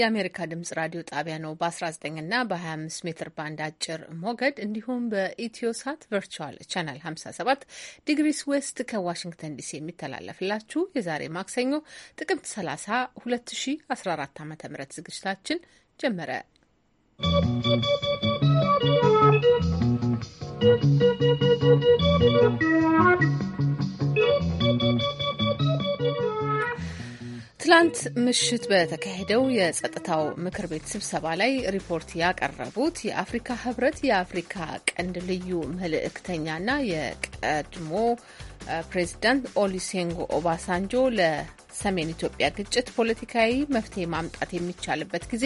የአሜሪካ ድምጽ ራዲዮ ጣቢያ ነው። በ19 እና በ25 ሜትር ባንድ አጭር ሞገድ እንዲሁም በኢትዮሳት ቨርቹዋል ቻናል 57 ዲግሪስ ዌስት ከዋሽንግተን ዲሲ የሚተላለፍላችሁ የዛሬ ማክሰኞ ጥቅምት 30 2014 ዓ ም ዝግጅታችን ጀመረ። ¶¶ ትላንት ምሽት በተካሄደው የጸጥታው ምክር ቤት ስብሰባ ላይ ሪፖርት ያቀረቡት የአፍሪካ ህብረት የአፍሪካ ቀንድ ልዩ መልእክተኛና የቀድሞ ፕሬዚዳንት ኦሊሴንጎ ኦባሳንጆ ሰሜን ኢትዮጵያ ግጭት ፖለቲካዊ መፍትሄ ማምጣት የሚቻልበት ጊዜ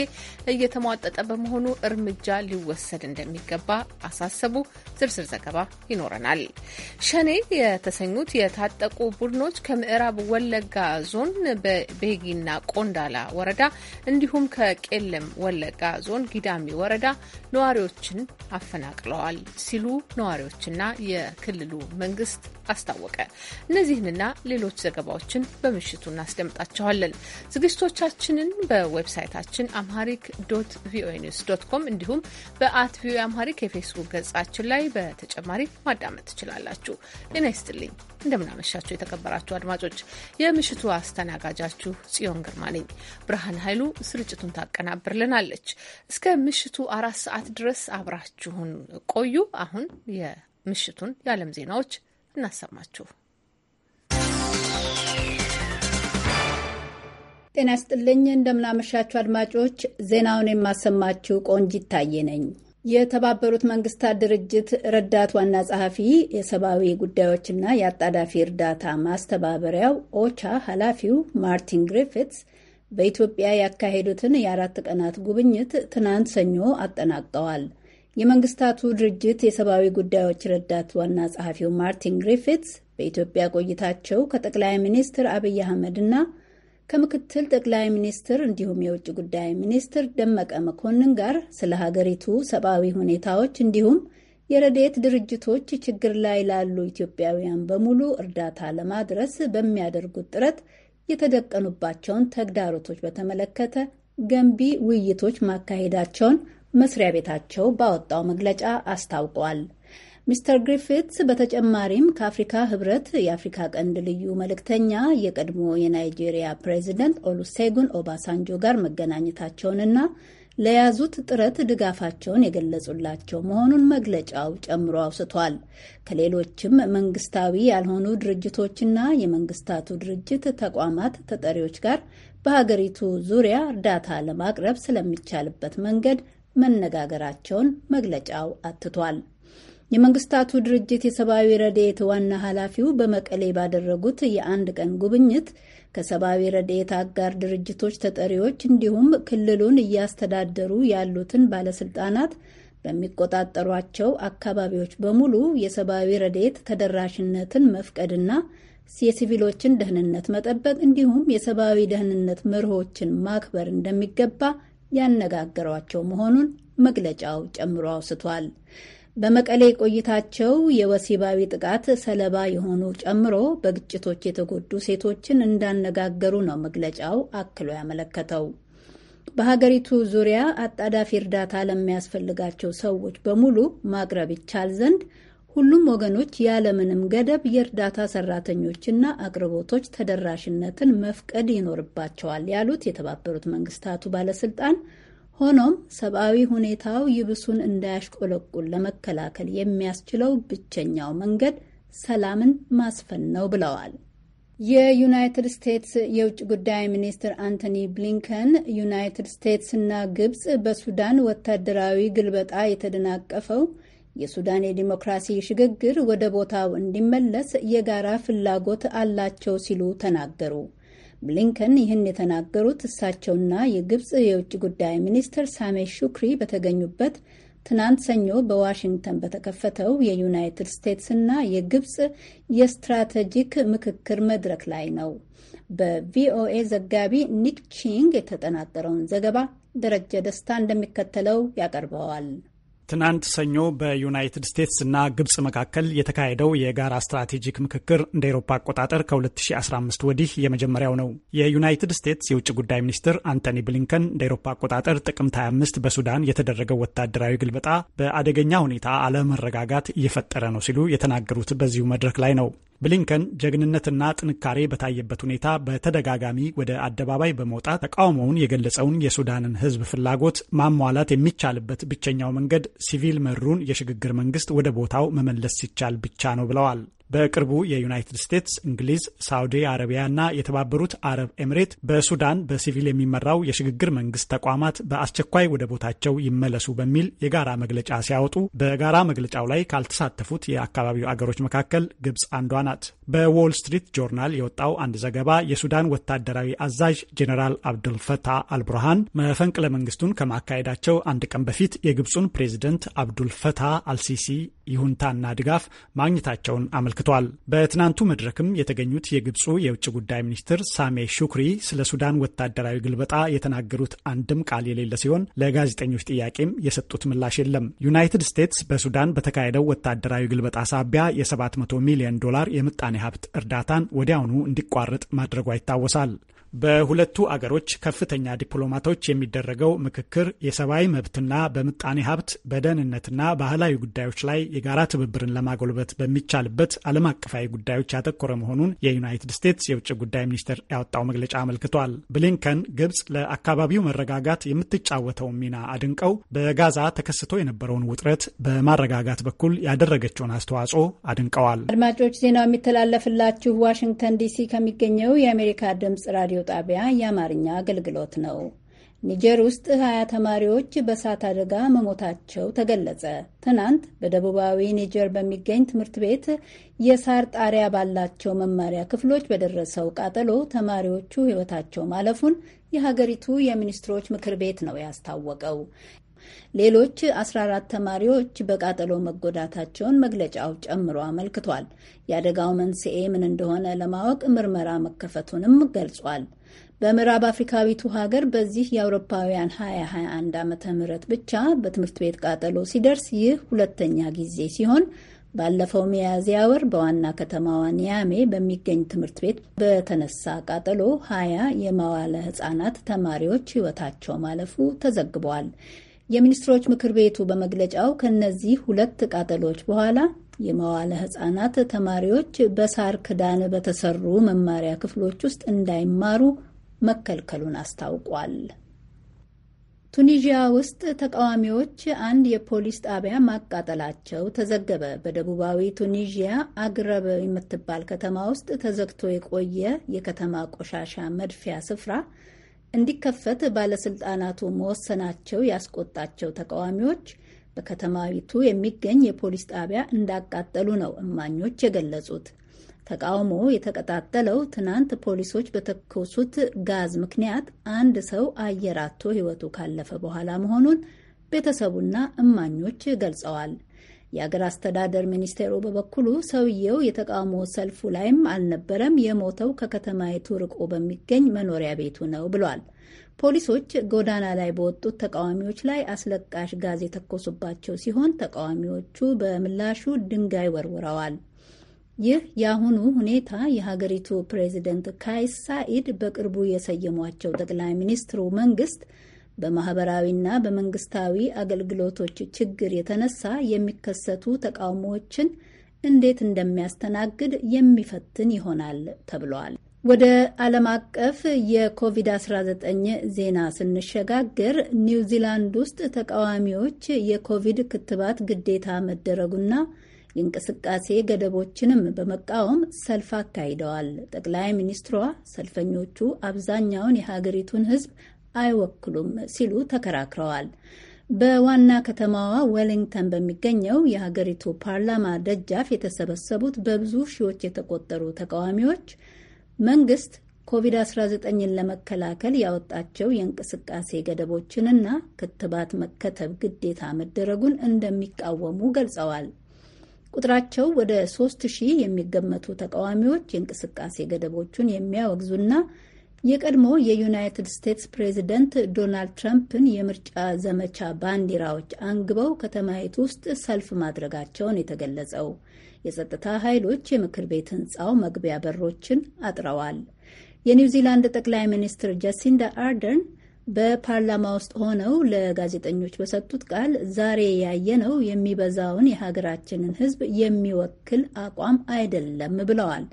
እየተሟጠጠ በመሆኑ እርምጃ ሊወሰድ እንደሚገባ አሳሰቡ። ዝርዝር ዘገባ ይኖረናል። ሸኔ የተሰኙት የታጠቁ ቡድኖች ከምዕራብ ወለጋ ዞን በቤጊና ቆንዳላ ወረዳ እንዲሁም ከቄለም ወለጋ ዞን ጊዳሚ ወረዳ ነዋሪዎችን አፈናቅለዋል ሲሉ ነዋሪዎችና የክልሉ መንግስት አስታወቀ። እነዚህንና ሌሎች ዘገባዎችን በምሽቱ እናስደምጣችኋለን። ዝግጅቶቻችንን በዌብሳይታችን አምሃሪክ ዶት ቪኦኤ ኒውስ ዶት ኮም እንዲሁም በአት ቪኦኤ አምሃሪክ የፌስቡክ ገጻችን ላይ በተጨማሪ ማዳመጥ ትችላላችሁ። ጤና ይስጥልኝ፣ እንደምናመሻችሁ የተከበራችሁ አድማጮች፣ የምሽቱ አስተናጋጃችሁ ጽዮን ግርማ ነኝ። ብርሃን ኃይሉ ስርጭቱን ታቀናብርልናለች። እስከ ምሽቱ አራት ሰዓት ድረስ አብራችሁን ቆዩ። አሁን የምሽቱን የዓለም ዜናዎች እናሰማችሁ። ጤና ስጥልኝ። እንደምናመሻችሁ አድማጮች፣ ዜናውን የማሰማችው ቆንጅ ይታየ ነኝ። የተባበሩት መንግስታት ድርጅት ረዳት ዋና ጸሐፊ የሰብአዊ ጉዳዮችና የአጣዳፊ እርዳታ ማስተባበሪያው ኦቻ ኃላፊው ማርቲን ግሪፊትስ በኢትዮጵያ ያካሄዱትን የአራት ቀናት ጉብኝት ትናንት ሰኞ አጠናቅጠዋል። የመንግስታቱ ድርጅት የሰብአዊ ጉዳዮች ረዳት ዋና ጸሐፊው ማርቲን ግሪፊትስ በኢትዮጵያ ቆይታቸው ከጠቅላይ ሚኒስትር አብይ አህመድ ከምክትል ጠቅላይ ሚኒስትር እንዲሁም የውጭ ጉዳይ ሚኒስትር ደመቀ መኮንን ጋር ስለ ሀገሪቱ ሰብአዊ ሁኔታዎች እንዲሁም የረድኤት ድርጅቶች ችግር ላይ ላሉ ኢትዮጵያውያን በሙሉ እርዳታ ለማድረስ በሚያደርጉት ጥረት የተደቀኑባቸውን ተግዳሮቶች በተመለከተ ገንቢ ውይይቶች ማካሄዳቸውን መስሪያ ቤታቸው ባወጣው መግለጫ አስታውቋል። ሚስተር ግሪፊትስ በተጨማሪም ከአፍሪካ ህብረት የአፍሪካ ቀንድ ልዩ መልእክተኛ የቀድሞ የናይጄሪያ ፕሬዚደንት ኦሉሴጉን ኦባሳንጆ ጋር መገናኘታቸውንና ለያዙት ጥረት ድጋፋቸውን የገለጹላቸው መሆኑን መግለጫው ጨምሮ አውስቷል። ከሌሎችም መንግስታዊ ያልሆኑ ድርጅቶችና የመንግስታቱ ድርጅት ተቋማት ተጠሪዎች ጋር በሀገሪቱ ዙሪያ እርዳታ ለማቅረብ ስለሚቻልበት መንገድ መነጋገራቸውን መግለጫው አትቷል። የመንግስታቱ ድርጅት የሰብአዊ ረድኤት ዋና ኃላፊው በመቀሌ ባደረጉት የአንድ ቀን ጉብኝት ከሰብአዊ ረድኤት አጋር ድርጅቶች ተጠሪዎች እንዲሁም ክልሉን እያስተዳደሩ ያሉትን ባለስልጣናት በሚቆጣጠሯቸው አካባቢዎች በሙሉ የሰብአዊ ረድኤት ተደራሽነትን መፍቀድና የሲቪሎችን ደህንነት መጠበቅ እንዲሁም የሰብአዊ ደህንነት መርሆችን ማክበር እንደሚገባ ያነጋገሯቸው መሆኑን መግለጫው ጨምሮ አውስቷል። በመቀሌ ቆይታቸው የወሲባዊ ጥቃት ሰለባ የሆኑ ጨምሮ በግጭቶች የተጎዱ ሴቶችን እንዳነጋገሩ ነው መግለጫው አክሎ ያመለከተው። በሀገሪቱ ዙሪያ አጣዳፊ እርዳታ ለሚያስፈልጋቸው ሰዎች በሙሉ ማቅረብ ይቻል ዘንድ ሁሉም ወገኖች ያለምንም ገደብ የእርዳታ ሰራተኞችና አቅርቦቶች ተደራሽነትን መፍቀድ ይኖርባቸዋል ያሉት የተባበሩት መንግስታቱ ባለስልጣን ሆኖም ሰብአዊ ሁኔታው ይብሱን እንዳያሽቆለቁል ለመከላከል የሚያስችለው ብቸኛው መንገድ ሰላምን ማስፈን ነው ብለዋል። የዩናይትድ ስቴትስ የውጭ ጉዳይ ሚኒስትር አንቶኒ ብሊንከን ዩናይትድ ስቴትስና ግብፅ በሱዳን ወታደራዊ ግልበጣ የተደናቀፈው የሱዳን የዲሞክራሲ ሽግግር ወደ ቦታው እንዲመለስ የጋራ ፍላጎት አላቸው ሲሉ ተናገሩ። ብሊንከን ይህን የተናገሩት እሳቸውና የግብፅ የውጭ ጉዳይ ሚኒስትር ሳሜ ሹክሪ በተገኙበት ትናንት ሰኞ በዋሽንግተን በተከፈተው የዩናይትድ ስቴትስና የግብፅ የስትራቴጂክ ምክክር መድረክ ላይ ነው። በቪኦኤ ዘጋቢ ኒክ ቺንግ የተጠናቀረውን ዘገባ ደረጀ ደስታ እንደሚከተለው ያቀርበዋል። ትናንት ሰኞ በዩናይትድ ስቴትስ እና ግብጽ መካከል የተካሄደው የጋራ ስትራቴጂክ ምክክር እንደ ኤሮፓ አቆጣጠር ከ2015 ወዲህ የመጀመሪያው ነው። የዩናይትድ ስቴትስ የውጭ ጉዳይ ሚኒስትር አንቶኒ ብሊንከን እንደ ኤሮፓ አቆጣጠር ጥቅምት 25 በሱዳን የተደረገው ወታደራዊ ግልበጣ በአደገኛ ሁኔታ አለመረጋጋት እየፈጠረ ነው ሲሉ የተናገሩት በዚሁ መድረክ ላይ ነው። ብሊንከን ጀግንነትና ጥንካሬ በታየበት ሁኔታ በተደጋጋሚ ወደ አደባባይ በመውጣት ተቃውሞውን የገለጸውን የሱዳንን ሕዝብ ፍላጎት ማሟላት የሚቻልበት ብቸኛው መንገድ ሲቪል መሩን የሽግግር መንግስት ወደ ቦታው መመለስ ሲቻል ብቻ ነው ብለዋል። በቅርቡ የዩናይትድ ስቴትስ፣ እንግሊዝ፣ አረቢያ አረቢያና የተባበሩት አረብ ኤምሬት በሱዳን በሲቪል የሚመራው የሽግግር መንግስት ተቋማት በአስቸኳይ ወደ ቦታቸው ይመለሱ በሚል የጋራ መግለጫ ሲያወጡ በጋራ መግለጫው ላይ ካልተሳተፉት የአካባቢው አገሮች መካከል ግብፅ አንዷ ናት። በዎል ስትሪት ጆርናል የወጣው አንድ ዘገባ የሱዳን ወታደራዊ አዛዥ ጄኔራል አብዱልፈታህ አልቡርሃን መፈንቅለ መንግስቱን ከማካሄዳቸው አንድ ቀን በፊት የግብፁን ፕሬዚደንት አብዱልፈታህ አልሲሲ ይሁንታና ድጋፍ ማግኘታቸውን አመልክ አመልክቷል። በትናንቱ መድረክም የተገኙት የግብፁ የውጭ ጉዳይ ሚኒስትር ሳሜ ሹክሪ ስለ ሱዳን ወታደራዊ ግልበጣ የተናገሩት አንድም ቃል የሌለ ሲሆን ለጋዜጠኞች ጥያቄም የሰጡት ምላሽ የለም። ዩናይትድ ስቴትስ በሱዳን በተካሄደው ወታደራዊ ግልበጣ ሳቢያ የ700 ሚሊዮን ዶላር የምጣኔ ሀብት እርዳታን ወዲያውኑ እንዲቋረጥ ማድረጓ ይታወሳል። በሁለቱ አገሮች ከፍተኛ ዲፕሎማቶች የሚደረገው ምክክር የሰብአዊ መብትና በምጣኔ ሀብት በደህንነትና ባህላዊ ጉዳዮች ላይ የጋራ ትብብርን ለማጎልበት በሚቻልበት ዓለም አቀፋዊ ጉዳዮች ያተኮረ መሆኑን የዩናይትድ ስቴትስ የውጭ ጉዳይ ሚኒስቴር ያወጣው መግለጫ አመልክቷል። ብሊንከን ግብጽ ለአካባቢው መረጋጋት የምትጫወተውን ሚና አድንቀው በጋዛ ተከስቶ የነበረውን ውጥረት በማረጋጋት በኩል ያደረገችውን አስተዋጽኦ አድንቀዋል። አድማጮች ዜናው የሚተላለፍላችሁ ዋሽንግተን ዲሲ ከሚገኘው የአሜሪካ ድምጽ ራዲዮ ራዲዮ ጣቢያ የአማርኛ አገልግሎት ነው። ኒጀር ውስጥ ሀያ ተማሪዎች በእሳት አደጋ መሞታቸው ተገለጸ። ትናንት በደቡባዊ ኒጀር በሚገኝ ትምህርት ቤት የሳር ጣሪያ ባላቸው መማሪያ ክፍሎች በደረሰው ቃጠሎ ተማሪዎቹ ሕይወታቸው ማለፉን የሀገሪቱ የሚኒስትሮች ምክር ቤት ነው ያስታወቀው። ሌሎች 14 ተማሪዎች በቃጠሎ መጎዳታቸውን መግለጫው ጨምሮ አመልክቷል። የአደጋው መንስኤ ምን እንደሆነ ለማወቅ ምርመራ መከፈቱንም ገልጿል። በምዕራብ አፍሪካዊቱ ሀገር በዚህ የአውሮፓውያን 2021 ዓ ም ብቻ በትምህርት ቤት ቃጠሎ ሲደርስ ይህ ሁለተኛ ጊዜ ሲሆን ባለፈው ሚያዝያ ወር በዋና ከተማዋ ኒያሜ በሚገኝ ትምህርት ቤት በተነሳ ቃጠሎ ሀያ የመዋለ ህጻናት ተማሪዎች ህይወታቸው ማለፉ ተዘግቧል። የሚኒስትሮች ምክር ቤቱ በመግለጫው ከነዚህ ሁለት ቃጠሎች በኋላ የመዋለ ሕጻናት ተማሪዎች በሳር ክዳን በተሰሩ መማሪያ ክፍሎች ውስጥ እንዳይማሩ መከልከሉን አስታውቋል። ቱኒዥያ ውስጥ ተቃዋሚዎች አንድ የፖሊስ ጣቢያ ማቃጠላቸው ተዘገበ። በደቡባዊ ቱኒዥያ አግረብ የምትባል ከተማ ውስጥ ተዘግቶ የቆየ የከተማ ቆሻሻ መድፊያ ስፍራ እንዲከፈት ባለስልጣናቱ መወሰናቸው ያስቆጣቸው ተቃዋሚዎች በከተማዊቱ የሚገኝ የፖሊስ ጣቢያ እንዳቃጠሉ ነው እማኞች የገለጹት። ተቃውሞ የተቀጣጠለው ትናንት ፖሊሶች በተኮሱት ጋዝ ምክንያት አንድ ሰው አየር አጥቶ ሕይወቱ ካለፈ በኋላ መሆኑን ቤተሰቡና እማኞች ገልጸዋል። የአገር አስተዳደር ሚኒስቴሩ በበኩሉ ሰውየው የተቃውሞ ሰልፉ ላይም አልነበረም፣ የሞተው ከከተማይቱ ርቆ በሚገኝ መኖሪያ ቤቱ ነው ብሏል። ፖሊሶች ጎዳና ላይ በወጡት ተቃዋሚዎች ላይ አስለቃሽ ጋዝ የተኮሱባቸው ሲሆን ተቃዋሚዎቹ በምላሹ ድንጋይ ወርውረዋል። ይህ የአሁኑ ሁኔታ የሀገሪቱ ፕሬዚደንት ካይስ ሳኢድ በቅርቡ የሰየሟቸው ጠቅላይ ሚኒስትሩ መንግስት በማህበራዊና በመንግስታዊ አገልግሎቶች ችግር የተነሳ የሚከሰቱ ተቃውሞዎችን እንዴት እንደሚያስተናግድ የሚፈትን ይሆናል ተብሏል። ወደ ዓለም አቀፍ የኮቪድ-19 ዜና ስንሸጋገር ኒውዚላንድ ውስጥ ተቃዋሚዎች የኮቪድ ክትባት ግዴታ መደረጉና የእንቅስቃሴ ገደቦችንም በመቃወም ሰልፍ አካሂደዋል። ጠቅላይ ሚኒስትሯ ሰልፈኞቹ አብዛኛውን የሀገሪቱን ሕዝብ አይወክሉም ሲሉ ተከራክረዋል። በዋና ከተማዋ ዌሊንግተን በሚገኘው የሀገሪቱ ፓርላማ ደጃፍ የተሰበሰቡት በብዙ ሺዎች የተቆጠሩ ተቃዋሚዎች መንግስት ኮቪድ-19ን ለመከላከል ያወጣቸው የእንቅስቃሴ ገደቦችንና ክትባት መከተብ ግዴታ መደረጉን እንደሚቃወሙ ገልጸዋል። ቁጥራቸው ወደ ሶስት ሺህ የሚገመቱ ተቃዋሚዎች የእንቅስቃሴ ገደቦቹን የሚያወግዙና የቀድሞ የዩናይትድ ስቴትስ ፕሬዚደንት ዶናልድ ትራምፕን የምርጫ ዘመቻ ባንዲራዎች አንግበው ከተማይቱ ውስጥ ሰልፍ ማድረጋቸውን የተገለጸው የጸጥታ ኃይሎች የምክር ቤት ህንፃው መግቢያ በሮችን አጥረዋል። የኒው ዚላንድ ጠቅላይ ሚኒስትር ጃሲንዳ አርደርን በፓርላማ ውስጥ ሆነው ለጋዜጠኞች በሰጡት ቃል ዛሬ ያየነው የሚበዛውን የሀገራችንን ህዝብ የሚወክል አቋም አይደለም ብለዋል።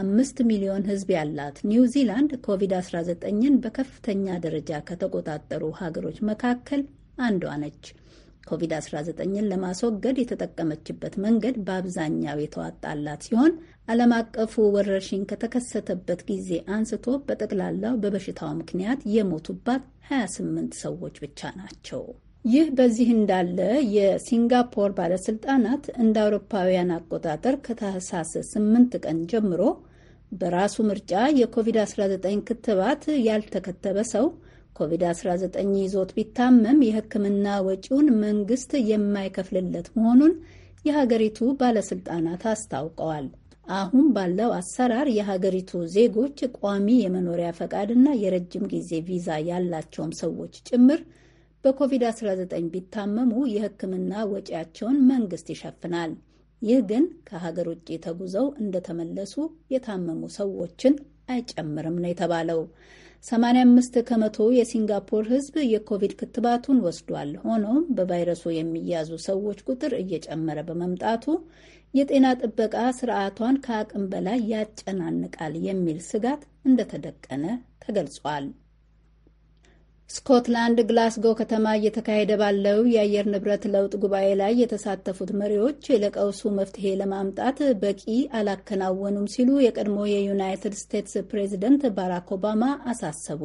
አምስት ሚሊዮን ሕዝብ ያላት ኒውዚላንድ ኮቪድ-19ን በከፍተኛ ደረጃ ከተቆጣጠሩ ሀገሮች መካከል አንዷ ነች። ኮቪድ-19ን ለማስወገድ የተጠቀመችበት መንገድ በአብዛኛው የተዋጣላት ሲሆን ዓለም አቀፉ ወረርሽኝ ከተከሰተበት ጊዜ አንስቶ በጠቅላላው በበሽታው ምክንያት የሞቱባት 28 ሰዎች ብቻ ናቸው። ይህ በዚህ እንዳለ የሲንጋፖር ባለስልጣናት እንደ አውሮፓውያን አቆጣጠር ከታህሳስ 8 ቀን ጀምሮ በራሱ ምርጫ የኮቪድ-19 ክትባት ያልተከተበ ሰው ኮቪድ-19 ይዞት ቢታመም የሕክምና ወጪውን መንግስት የማይከፍልለት መሆኑን የሀገሪቱ ባለስልጣናት አስታውቀዋል። አሁን ባለው አሰራር የሀገሪቱ ዜጎች ቋሚ የመኖሪያ ፈቃድና የረጅም ጊዜ ቪዛ ያላቸውም ሰዎች ጭምር በኮቪድ-19 ቢታመሙ የሕክምና ወጪያቸውን መንግስት ይሸፍናል። ይህ ግን ከሀገር ውጭ ተጉዘው እንደተመለሱ የታመሙ ሰዎችን አይጨምርም ነው የተባለው። 85 ከመቶ የሲንጋፖር ህዝብ የኮቪድ ክትባቱን ወስዷል። ሆኖም በቫይረሱ የሚያዙ ሰዎች ቁጥር እየጨመረ በመምጣቱ የጤና ጥበቃ ስርዓቷን ከአቅም በላይ ያጨናንቃል የሚል ስጋት እንደተደቀነ ተገልጿል። ስኮትላንድ ግላስጎ ከተማ እየተካሄደ ባለው የአየር ንብረት ለውጥ ጉባኤ ላይ የተሳተፉት መሪዎች ለቀውሱ መፍትሄ ለማምጣት በቂ አላከናወኑም ሲሉ የቀድሞ የዩናይትድ ስቴትስ ፕሬዚደንት ባራክ ኦባማ አሳሰቡ።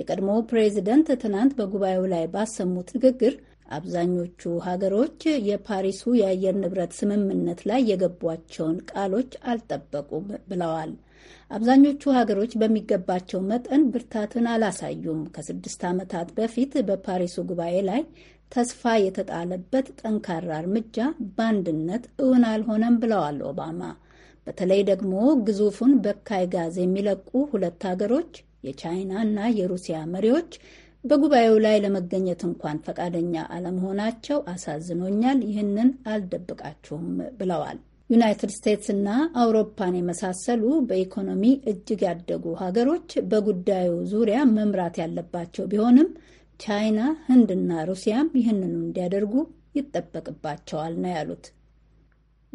የቀድሞ ፕሬዚደንት ትናንት በጉባኤው ላይ ባሰሙት ንግግር አብዛኞቹ ሀገሮች የፓሪሱ የአየር ንብረት ስምምነት ላይ የገቧቸውን ቃሎች አልጠበቁም ብለዋል። አብዛኞቹ ሀገሮች በሚገባቸው መጠን ብርታትን አላሳዩም። ከስድስት ዓመታት በፊት በፓሪሱ ጉባኤ ላይ ተስፋ የተጣለበት ጠንካራ እርምጃ በአንድነት እውን አልሆነም ብለዋል ኦባማ። በተለይ ደግሞ ግዙፉን በካይ ጋዝ የሚለቁ ሁለት ሀገሮች የቻይና እና የሩሲያ መሪዎች በጉባኤው ላይ ለመገኘት እንኳን ፈቃደኛ አለመሆናቸው አሳዝኖኛል፣ ይህንን አልደብቃችሁም ብለዋል። ዩናይትድ ስቴትስ እና አውሮፓን የመሳሰሉ በኢኮኖሚ እጅግ ያደጉ ሀገሮች በጉዳዩ ዙሪያ መምራት ያለባቸው ቢሆንም ቻይና፣ ህንድና ሩሲያም ይህንኑ እንዲያደርጉ ይጠበቅባቸዋል ነው ያሉት።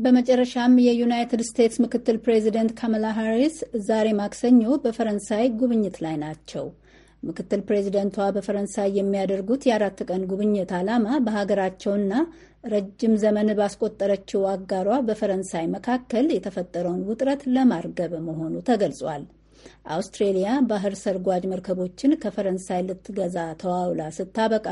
በመጨረሻም የዩናይትድ ስቴትስ ምክትል ፕሬዚደንት ካመላ ሃሪስ ዛሬ ማክሰኞ በፈረንሳይ ጉብኝት ላይ ናቸው። ምክትል ፕሬዚደንቷ በፈረንሳይ የሚያደርጉት የአራት ቀን ጉብኝት ዓላማ በሀገራቸውና ረጅም ዘመን ባስቆጠረችው አጋሯ በፈረንሳይ መካከል የተፈጠረውን ውጥረት ለማርገብ መሆኑ ተገልጿል። አውስትሬሊያ ባህር ሰርጓጅ መርከቦችን ከፈረንሳይ ልትገዛ ተዋውላ ስታበቃ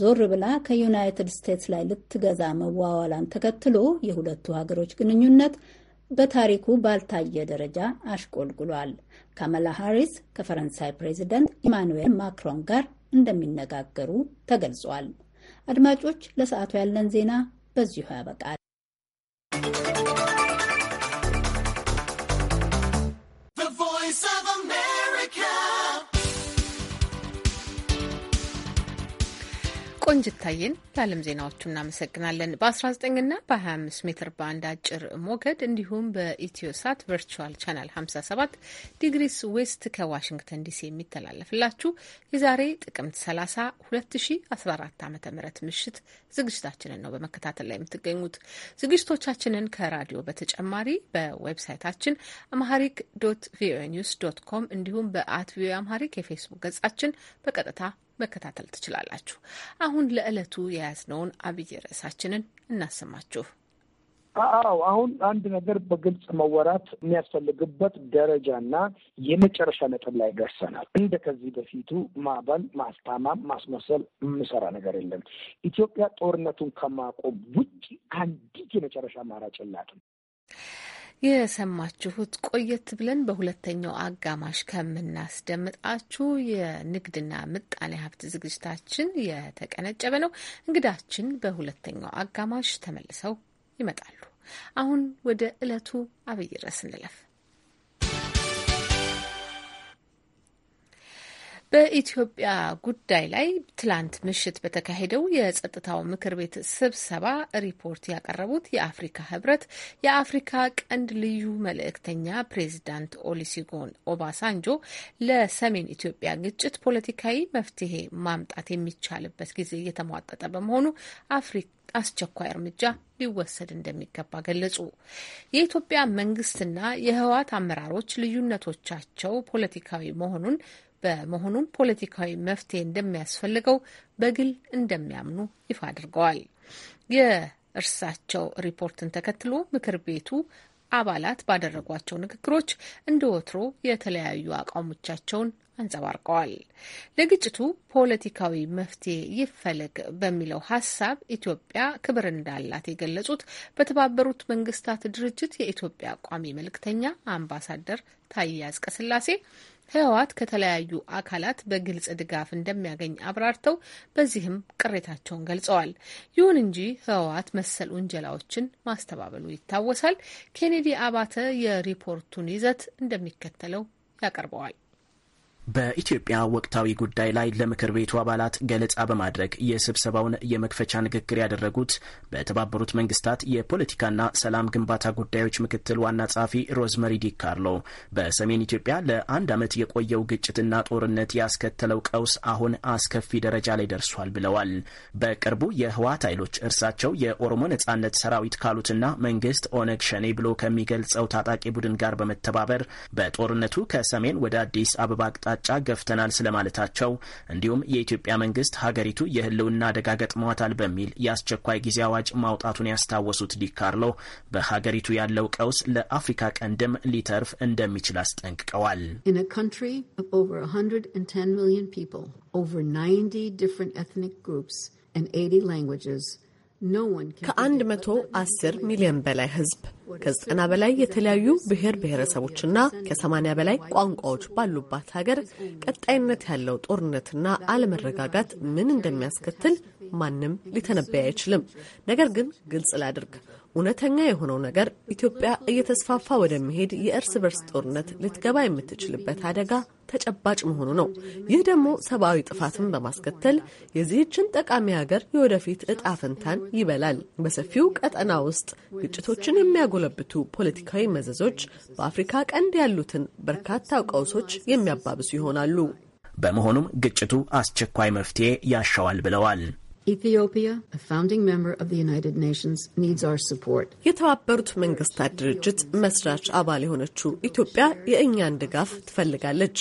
ዞር ብላ ከዩናይትድ ስቴትስ ላይ ልትገዛ መዋዋላን ተከትሎ የሁለቱ ሀገሮች ግንኙነት በታሪኩ ባልታየ ደረጃ አሽቆልጉሏል። ካማላ ሃሪስ ከፈረንሳይ ፕሬዚደንት ኢማኑኤል ማክሮን ጋር እንደሚነጋገሩ ተገልጿል። አድማጮች፣ ለሰዓቱ ያለን ዜና በዚሁ ያበቃል። ቆንጅታዬን ለዓለም ዜናዎቹ እናመሰግናለን። በ19 እና በ25 ሜትር ባንድ አጭር ሞገድ እንዲሁም በኢትዮሳት ቨርቹዋል ቻናል 57 ዲግሪስ ዌስት ከዋሽንግተን ዲሲ የሚተላለፍላችሁ የዛሬ ጥቅምት 30 2014 ዓ ም ምሽት ዝግጅታችንን ነው በመከታተል ላይ የምትገኙት። ዝግጅቶቻችንን ከራዲዮ በተጨማሪ በዌብሳይታችን አምሃሪክ ዶት ቪኦኤ ኒውስ ዶት ኮም እንዲሁም በአት ቪኦኤ አምሃሪክ የፌስቡክ ገጻችን በቀጥታ መከታተል ትችላላችሁ። አሁን ለዕለቱ የያዝነውን አብይ ርዕሳችንን እናሰማችሁ። አዎ አሁን አንድ ነገር በግልጽ መወራት የሚያስፈልግበት ደረጃና የመጨረሻ ነጥብ ላይ ደርሰናል። እንደ ከዚህ በፊቱ ማበል ማስታማም፣ ማስመሰል የምሰራ ነገር የለም። ኢትዮጵያ ጦርነቱን ከማቆም ውጭ አንዲት የመጨረሻ አማራጭ የላትም። የሰማችሁት ቆየት ብለን በሁለተኛው አጋማሽ ከምናስደምጣችሁ የንግድና ምጣኔ ሀብት ዝግጅታችን የተቀነጨበ ነው። እንግዳችን በሁለተኛው አጋማሽ ተመልሰው ይመጣሉ። አሁን ወደ ዕለቱ አብይ ርዕስ እንለፍ። በኢትዮጵያ ጉዳይ ላይ ትላንት ምሽት በተካሄደው የጸጥታው ምክር ቤት ስብሰባ ሪፖርት ያቀረቡት የአፍሪካ ህብረት የአፍሪካ ቀንድ ልዩ መልእክተኛ ፕሬዚዳንት ኦሊሲጎን ኦባሳንጆ ለሰሜን ኢትዮጵያ ግጭት ፖለቲካዊ መፍትሄ ማምጣት የሚቻልበት ጊዜ እየተሟጠጠ በመሆኑ አፍሪካ አስቸኳይ እርምጃ ሊወሰድ እንደሚገባ ገለጹ። የኢትዮጵያ መንግስትና የህወሓት አመራሮች ልዩነቶቻቸው ፖለቲካዊ መሆኑን በመሆኑም ፖለቲካዊ መፍትሄ እንደሚያስፈልገው በግል እንደሚያምኑ ይፋ አድርገዋል። የእርሳቸው ሪፖርትን ተከትሎ ምክር ቤቱ አባላት ባደረጓቸው ንግግሮች እንደ ወትሮ የተለያዩ አቋሞቻቸውን አንጸባርቀዋል። ለግጭቱ ፖለቲካዊ መፍትሄ ይፈለግ በሚለው ሀሳብ ኢትዮጵያ ክብር እንዳላት የገለጹት በተባበሩት መንግስታት ድርጅት የኢትዮጵያ ቋሚ መልእክተኛ አምባሳደር ታዬ አጽቀሥላሴ ህወሓት ከተለያዩ አካላት በግልጽ ድጋፍ እንደሚያገኝ አብራርተው በዚህም ቅሬታቸውን ገልጸዋል። ይሁን እንጂ ህወሓት መሰል ውንጀላዎችን ማስተባበሉ ይታወሳል። ኬኔዲ አባተ የሪፖርቱን ይዘት እንደሚከተለው ያቀርበዋል። በኢትዮጵያ ወቅታዊ ጉዳይ ላይ ለምክር ቤቱ አባላት ገለጻ በማድረግ የስብሰባውን የመክፈቻ ንግግር ያደረጉት በተባበሩት መንግስታት የፖለቲካና ሰላም ግንባታ ጉዳዮች ምክትል ዋና ጸሐፊ ሮዝመሪ ዲካርሎ በሰሜን ኢትዮጵያ ለአንድ ዓመት የቆየው ግጭትና ጦርነት ያስከተለው ቀውስ አሁን አስከፊ ደረጃ ላይ ደርሷል ብለዋል። በቅርቡ የህወሓት ኃይሎች እርሳቸው የኦሮሞ ነጻነት ሰራዊት ካሉትና መንግስት ኦነግ ሸኔ ብሎ ከሚገልጸው ታጣቂ ቡድን ጋር በመተባበር በጦርነቱ ከሰሜን ወደ አዲስ አበባ አቅጣ አቅጣጫ ገፍተናል ስለማለታቸው እንዲሁም የኢትዮጵያ መንግስት ሀገሪቱ የህልውና አደጋ ገጥመዋታል በሚል የአስቸኳይ ጊዜ አዋጅ ማውጣቱን ያስታወሱት ዲካርሎ በሀገሪቱ ያለው ቀውስ ለአፍሪካ ቀንድም ሊተርፍ እንደሚችል አስጠንቅቀዋል። ኦቨር 90 different ethnic groups and 80 languages መቶ አስር ሚሊዮን በላይ ህዝብ ከዘጠና በላይ የተለያዩ ብሔር ብሔረሰቦችና ከ በላይ ቋንቋዎች ባሉባት ሀገር ቀጣይነት ያለው ጦርነትና አለመረጋጋት ምን እንደሚያስከትል ማንም ሊተነበይ አይችልም። ነገር ግን ግልጽ ላድርግ፣ እውነተኛ የሆነው ነገር ኢትዮጵያ እየተስፋፋ ወደሚሄድ የእርስ በርስ ጦርነት ልትገባ የምትችልበት አደጋ ተጨባጭ መሆኑ ነው። ይህ ደግሞ ሰብአዊ ጥፋትን በማስከተል የዚህችን ጠቃሚ ሀገር የወደፊት እጣ ፈንታን ይበላል። በሰፊው ቀጠና ውስጥ ግጭቶችን የሚያጎለብቱ ፖለቲካዊ መዘዞች በአፍሪካ ቀንድ ያሉትን በርካታ ቀውሶች የሚያባብሱ ይሆናሉ። በመሆኑም ግጭቱ አስቸኳይ መፍትሄ ያሻዋል ብለዋል። ኢትዮጵያ አ ፋውንዲንግ ሜምበር ኦፍ ዘ ዩናይትድ ኔሽንስ ኒድስ አወር ሰፖርት። የተባበሩት መንግስታት ድርጅት መስራች አባል የሆነችው ኢትዮጵያ የእኛን ድጋፍ ትፈልጋለች።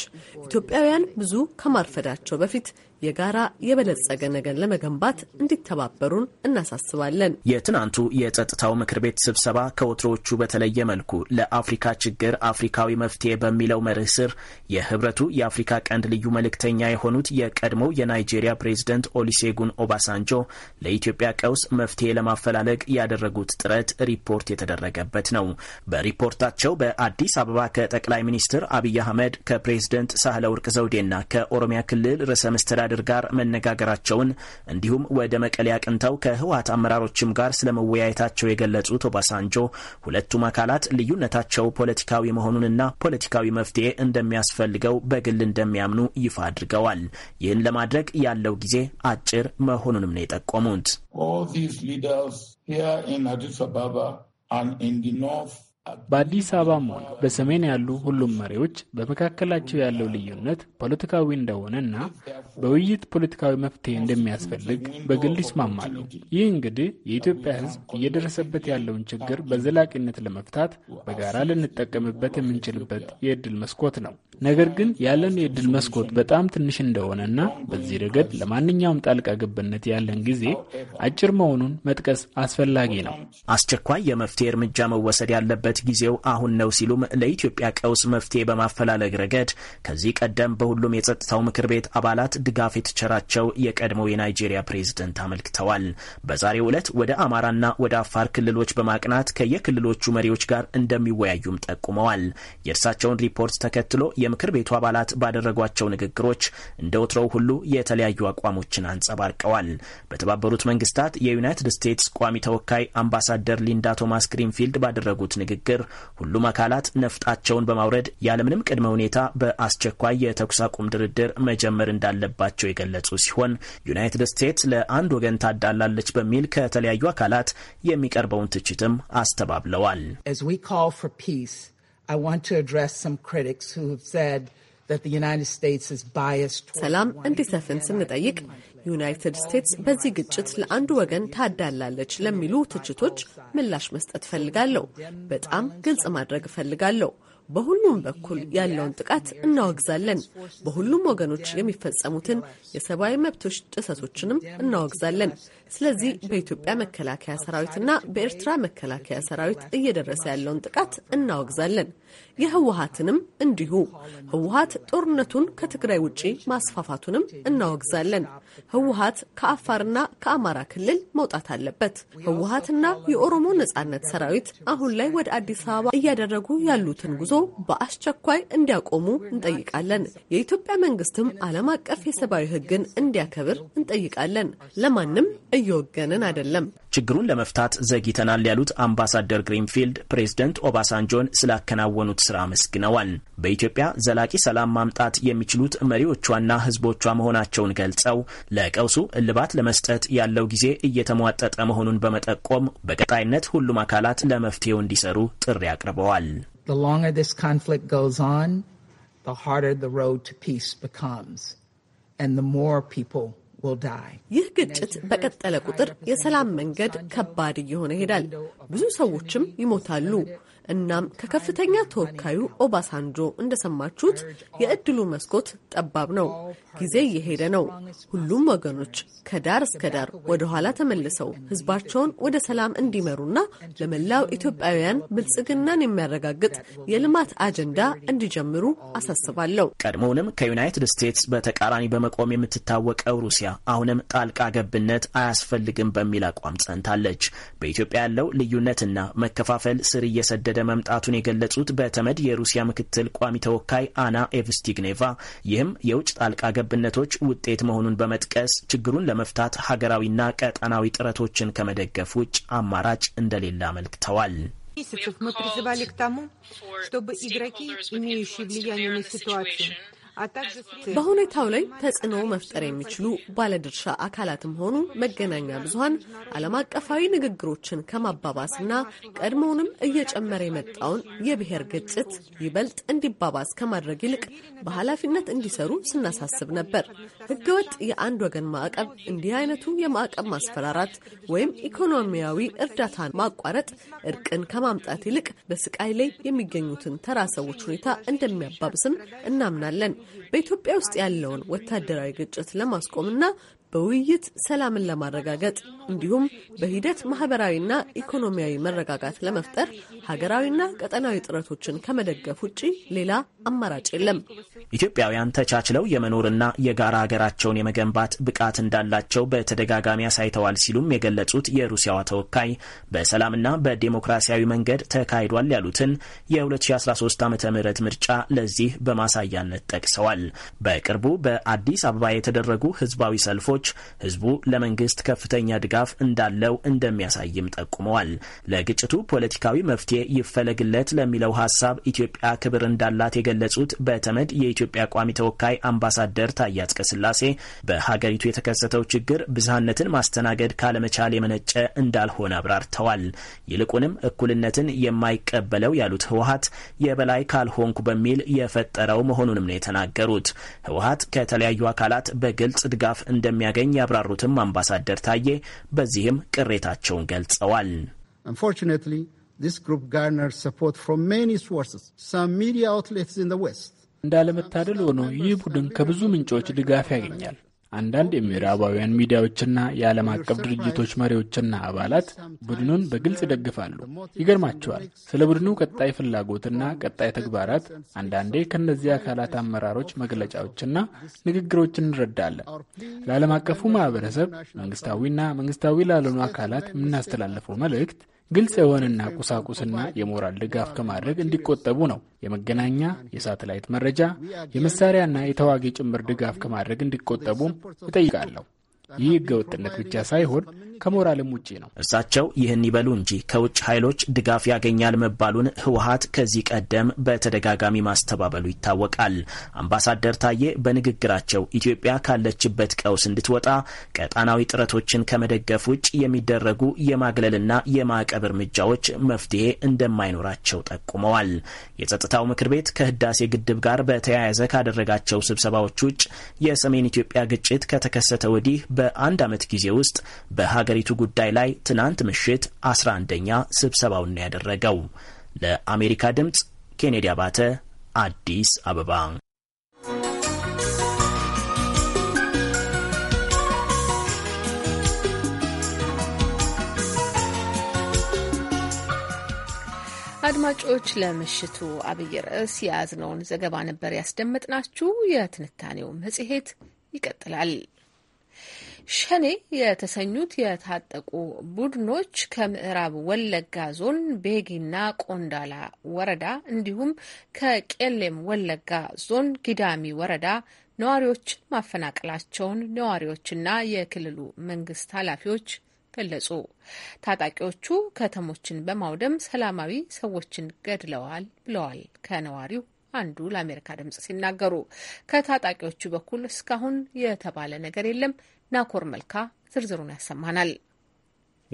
ኢትዮጵያውያን ብዙ ከማርፈዳቸው በፊት የጋራ የበለጸገ ነገን ለመገንባት እንዲተባበሩን እናሳስባለን። የትናንቱ የጸጥታው ምክር ቤት ስብሰባ ከወትሮዎቹ በተለየ መልኩ ለአፍሪካ ችግር አፍሪካዊ መፍትሄ በሚለው መርህ ስር የህብረቱ የአፍሪካ ቀንድ ልዩ መልእክተኛ የሆኑት የቀድሞው የናይጄሪያ ፕሬዝደንት ኦሊሴጉን ኦባሳንጆ ለኢትዮጵያ ቀውስ መፍትሄ ለማፈላለግ ያደረጉት ጥረት ሪፖርት የተደረገበት ነው። በሪፖርታቸው በአዲስ አበባ ከጠቅላይ ሚኒስትር አብይ አህመድ ከፕሬዝደንት ሳህለ ወርቅ ዘውዴና ከኦሮሚያ ክልል ርዕሰ መስተዳደ አስተዳደር ጋር መነጋገራቸውን እንዲሁም ወደ መቀሌ አቅንተው ከህወሀት አመራሮችም ጋር ስለመወያየታቸው የገለጹት ኦባሳንጆ ሁለቱም አካላት ልዩነታቸው ፖለቲካዊ መሆኑንና ፖለቲካዊ መፍትሄ እንደሚያስፈልገው በግል እንደሚያምኑ ይፋ አድርገዋል። ይህን ለማድረግ ያለው ጊዜ አጭር መሆኑንም ነው የጠቆሙት። በአዲስ አበባም ሆነ በሰሜን ያሉ ሁሉም መሪዎች በመካከላቸው ያለው ልዩነት ፖለቲካዊ እንደሆነ እና በውይይት ፖለቲካዊ መፍትሄ እንደሚያስፈልግ በግል ይስማማሉ። ይህ እንግዲህ የኢትዮጵያ ሕዝብ እየደረሰበት ያለውን ችግር በዘላቂነት ለመፍታት በጋራ ልንጠቀምበት የምንችልበት የእድል መስኮት ነው። ነገር ግን ያለን የእድል መስኮት በጣም ትንሽ እንደሆነ እና በዚህ ረገድ ለማንኛውም ጣልቃ ገብነት ያለን ጊዜ አጭር መሆኑን መጥቀስ አስፈላጊ ነው። አስቸኳይ የመፍትሄ እርምጃ መወሰድ ያለበት ያለበት ጊዜው አሁን ነው ሲሉም ለኢትዮጵያ ቀውስ መፍትሄ በማፈላለግ ረገድ ከዚህ ቀደም በሁሉም የጸጥታው ምክር ቤት አባላት ድጋፍ የተቸራቸው የቀድሞው የናይጄሪያ ፕሬዝደንት አመልክተዋል። በዛሬው ዕለት ወደ አማራና ወደ አፋር ክልሎች በማቅናት ከየክልሎቹ መሪዎች ጋር እንደሚወያዩም ጠቁመዋል። የእርሳቸውን ሪፖርት ተከትሎ የምክር ቤቱ አባላት ባደረጓቸው ንግግሮች እንደ ወትሮው ሁሉ የተለያዩ አቋሞችን አንጸባርቀዋል። በተባበሩት መንግስታት የዩናይትድ ስቴትስ ቋሚ ተወካይ አምባሳደር ሊንዳ ቶማስ ግሪንፊልድ ባደረጉት ንግግር ንግግር ሁሉም አካላት ነፍጣቸውን በማውረድ ያለምንም ቅድመ ሁኔታ በአስቸኳይ የተኩስ አቁም ድርድር መጀመር እንዳለባቸው የገለጹ ሲሆን ዩናይትድ ስቴትስ ለአንድ ወገን ታዳላለች በሚል ከተለያዩ አካላት የሚቀርበውን ትችትም አስተባብለዋል። ሰላም እንዲሰፍን ስንጠይቅ ዩናይትድ ስቴትስ በዚህ ግጭት ለአንዱ ወገን ታዳላለች ለሚሉ ትችቶች ምላሽ መስጠት እፈልጋለሁ። በጣም ግልጽ ማድረግ እፈልጋለሁ። በሁሉም በኩል ያለውን ጥቃት እናወግዛለን። በሁሉም ወገኖች የሚፈጸሙትን የሰብአዊ መብቶች ጥሰቶችንም እናወግዛለን። ስለዚህ በኢትዮጵያ መከላከያ ሰራዊትና በኤርትራ መከላከያ ሰራዊት እየደረሰ ያለውን ጥቃት እናወግዛለን። የህወሀትንም እንዲሁ። ህወሀት ጦርነቱን ከትግራይ ውጪ ማስፋፋቱንም እናወግዛለን። ህወሀት ከአፋርና ከአማራ ክልል መውጣት አለበት። ህወሀትና የኦሮሞ ነጻነት ሰራዊት አሁን ላይ ወደ አዲስ አበባ እያደረጉ ያሉትን ጉዞ በአስቸኳይ እንዲያቆሙ እንጠይቃለን። የኢትዮጵያ መንግስትም ዓለም አቀፍ የሰብአዊ ህግን እንዲያከብር እንጠይቃለን። ለማንም እየወገንን አይደለም። ችግሩን ለመፍታት ዘግይተናል ያሉት አምባሳደር ግሪንፊልድ ፕሬዝደንት ኦባሳንጆን ስላከናወኑት ስራ አመስግነዋል። በኢትዮጵያ ዘላቂ ሰላም ማምጣት የሚችሉት መሪዎቿና ህዝቦቿ መሆናቸውን ገልጸው ለቀውሱ እልባት ለመስጠት ያለው ጊዜ እየተሟጠጠ መሆኑን በመጠቆም በቀጣይነት ሁሉም አካላት ለመፍትሄው እንዲሰሩ ጥሪ አቅርበዋል። And the more people ይህ ግጭት በቀጠለ ቁጥር የሰላም መንገድ ከባድ እየሆነ ይሄዳል። ብዙ ሰዎችም ይሞታሉ። uh, እናም ከከፍተኛ ተወካዩ ኦባሳንጆ እንደሰማችሁት የእድሉ መስኮት ጠባብ ነው። ጊዜ እየሄደ ነው። ሁሉም ወገኖች ከዳር እስከ ዳር ወደ ኋላ ተመልሰው ህዝባቸውን ወደ ሰላም እንዲመሩና ለመላው ኢትዮጵያውያን ብልጽግናን የሚያረጋግጥ የልማት አጀንዳ እንዲጀምሩ አሳስባለሁ። ቀድሞውንም ከዩናይትድ ስቴትስ በተቃራኒ በመቆም የምትታወቀው ሩሲያ አሁንም ጣልቃ ገብነት አያስፈልግም በሚል አቋም ጸንታለች። በኢትዮጵያ ያለው ልዩነትና መከፋፈል ስር እየሰደ እየተገደደ መምጣቱን የገለጹት በተመድ የሩሲያ ምክትል ቋሚ ተወካይ አና ኤቭስቲግኔቫ ይህም የውጭ ጣልቃ ገብነቶች ውጤት መሆኑን በመጥቀስ ችግሩን ለመፍታት ሀገራዊና ቀጠናዊ ጥረቶችን ከመደገፍ ውጭ አማራጭ እንደሌለ አመልክተዋል። Мы призывали к тому, чтобы игроки, имеющие влияние на ситуацию, በሁኔታው ላይ ተጽዕኖ መፍጠር የሚችሉ ባለድርሻ አካላትም ሆኑ መገናኛ ብዙኃን ዓለም አቀፋዊ ንግግሮችን ከማባባስና ቀድሞውንም እየጨመረ የመጣውን የብሔር ግጭት ይበልጥ እንዲባባስ ከማድረግ ይልቅ በኃላፊነት እንዲሰሩ ስናሳስብ ነበር። ህገወጥ የአንድ ወገን ማዕቀብ፣ እንዲህ አይነቱ የማዕቀብ ማስፈራራት ወይም ኢኮኖሚያዊ እርዳታን ማቋረጥ እርቅን ከማምጣት ይልቅ በስቃይ ላይ የሚገኙትን ተራ ሰዎች ሁኔታ እንደሚያባብስም እናምናለን። በኢትዮጵያ ውስጥ ያለውን ወታደራዊ ግጭት ለማስቆምና በውይይት ሰላምን ለማረጋገጥ እንዲሁም በሂደት ማህበራዊና ኢኮኖሚያዊ መረጋጋት ለመፍጠር ሀገራዊና ቀጠናዊ ጥረቶችን ከመደገፍ ውጭ ሌላ አማራጭ የለም። ኢትዮጵያውያን ተቻችለው የመኖርና የጋራ ሀገራቸውን የመገንባት ብቃት እንዳላቸው በተደጋጋሚ አሳይተዋል ሲሉም የገለጹት የሩሲያዋ ተወካይ በሰላምና በዴሞክራሲያዊ መንገድ ተካሂዷል ያሉትን የ2013 ዓ ም ምርጫ ለዚህ በማሳያነት ጠቅሰዋል። በቅርቡ በአዲስ አበባ የተደረጉ ህዝባዊ ሰልፎች ሰዎች ህዝቡ ለመንግስት ከፍተኛ ድጋፍ እንዳለው እንደሚያሳይም ጠቁመዋል። ለግጭቱ ፖለቲካዊ መፍትሄ ይፈለግለት ለሚለው ሀሳብ ኢትዮጵያ ክብር እንዳላት የገለጹት በተመድ የኢትዮጵያ ቋሚ ተወካይ አምባሳደር ታዬ አጽቀሥላሴ በሀገሪቱ የተከሰተው ችግር ብዝሃነትን ማስተናገድ ካለመቻል የመነጨ እንዳልሆነ አብራርተዋል። ይልቁንም እኩልነትን የማይቀበለው ያሉት ህወሀት የበላይ ካልሆንኩ በሚል የፈጠረው መሆኑንም ነው የተናገሩት። ህወሀት ከተለያዩ አካላት በግልጽ ድጋፍ እንደሚያ እንደሚያገኝ ያብራሩትም አምባሳደር ታዬ በዚህም ቅሬታቸውን ገልጸዋል። Unfortunately, this group garnered support from many sources, some media outlets in the West እንዳለመታደል ሆኖ ይህ ቡድን ከብዙ ምንጮች ድጋፍ ያገኛል። አንዳንድ የምዕራባውያን ሚዲያዎችና የዓለም አቀፍ ድርጅቶች መሪዎችና አባላት ቡድኑን በግልጽ ይደግፋሉ። ይገርማቸዋል። ስለ ቡድኑ ቀጣይ ፍላጎትና ቀጣይ ተግባራት አንዳንዴ ከእነዚህ አካላት አመራሮች መግለጫዎችና ንግግሮች እንረዳለን። ለዓለም አቀፉ ማህበረሰብ መንግስታዊና መንግስታዊ ላልሆኑ አካላት የምናስተላልፈው መልእክት ግልጽ የሆነና ቁሳቁስና የሞራል ድጋፍ ከማድረግ እንዲቆጠቡ ነው። የመገናኛ፣ የሳተላይት መረጃ፣ የመሳሪያና የተዋጊ ጭምር ድጋፍ ከማድረግ እንዲቆጠቡም እጠይቃለሁ። ይህ ህገወጥነት ብቻ ሳይሆን ከሞራልም ውጪ ነው። እርሳቸው ይህን ይበሉ እንጂ ከውጭ ኃይሎች ድጋፍ ያገኛል መባሉን ህወሀት ከዚህ ቀደም በተደጋጋሚ ማስተባበሉ ይታወቃል። አምባሳደር ታዬ በንግግራቸው ኢትዮጵያ ካለችበት ቀውስ እንድትወጣ ቀጣናዊ ጥረቶችን ከመደገፍ ውጭ የሚደረጉ የማግለልና የማዕቀብ እርምጃዎች መፍትሄ እንደማይኖራቸው ጠቁመዋል። የጸጥታው ምክር ቤት ከህዳሴ ግድብ ጋር በተያያዘ ካደረጋቸው ስብሰባዎች ውጭ የሰሜን ኢትዮጵያ ግጭት ከተከሰተ ወዲህ በአንድ ዓመት ጊዜ ውስጥ በሀገ በሀገሪቱ ጉዳይ ላይ ትናንት ምሽት 11ኛ ስብሰባውን ያደረገው። ለአሜሪካ ድምፅ ኬኔዲ አባተ አዲስ አበባ። አድማጮች ለምሽቱ አብይ ርዕስ የያዝነውን ዘገባ ነበር ያስደመጥናችሁ። የትንታኔው መጽሔት ይቀጥላል። ሸኔ የተሰኙት የታጠቁ ቡድኖች ከምዕራብ ወለጋ ዞን ቤጊና ቆንዳላ ወረዳ እንዲሁም ከቄሌም ወለጋ ዞን ጊዳሚ ወረዳ ነዋሪዎችን ማፈናቀላቸውን ነዋሪዎችና የክልሉ መንግስት ኃላፊዎች ገለጹ። ታጣቂዎቹ ከተሞችን በማውደም ሰላማዊ ሰዎችን ገድለዋል ብለዋል ከነዋሪው አንዱ ለአሜሪካ ድምጽ ሲናገሩ ከታጣቂዎቹ በኩል እስካሁን የተባለ ነገር የለም። ናኮር መልካ ዝርዝሩን ያሰማናል።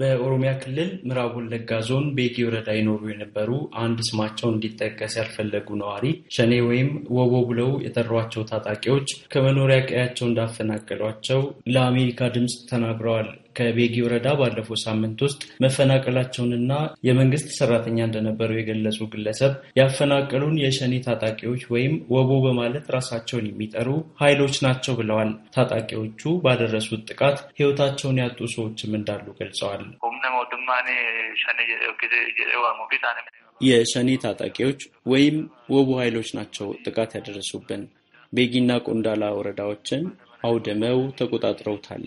በኦሮሚያ ክልል ምዕራብ ወለጋ ዞን ቤጊ ወረዳ ይኖሩ የነበሩ አንድ ስማቸው እንዲጠቀስ ያልፈለጉ ነዋሪ ሸኔ ወይም ወቦ ብለው የጠሯቸው ታጣቂዎች ከመኖሪያ ቀያቸው እንዳፈናቀሏቸው ለአሜሪካ ድምፅ ተናግረዋል። ከቤጊ ወረዳ ባለፈው ሳምንት ውስጥ መፈናቀላቸውንና የመንግስት ሰራተኛ እንደነበሩ የገለጹ ግለሰብ ያፈናቀሉን የሸኔ ታጣቂዎች ወይም ወቦ በማለት ራሳቸውን የሚጠሩ ኃይሎች ናቸው ብለዋል። ታጣቂዎቹ ባደረሱት ጥቃት ህይወታቸውን ያጡ ሰዎችም እንዳሉ ገልጸዋል። የሸኔ ታጣቂዎች ወይም ወቡ ኃይሎች ናቸው ጥቃት ያደረሱብን። ቤጊና ቆንዳላ ወረዳዎችን አውድመው ተቆጣጥረውታል።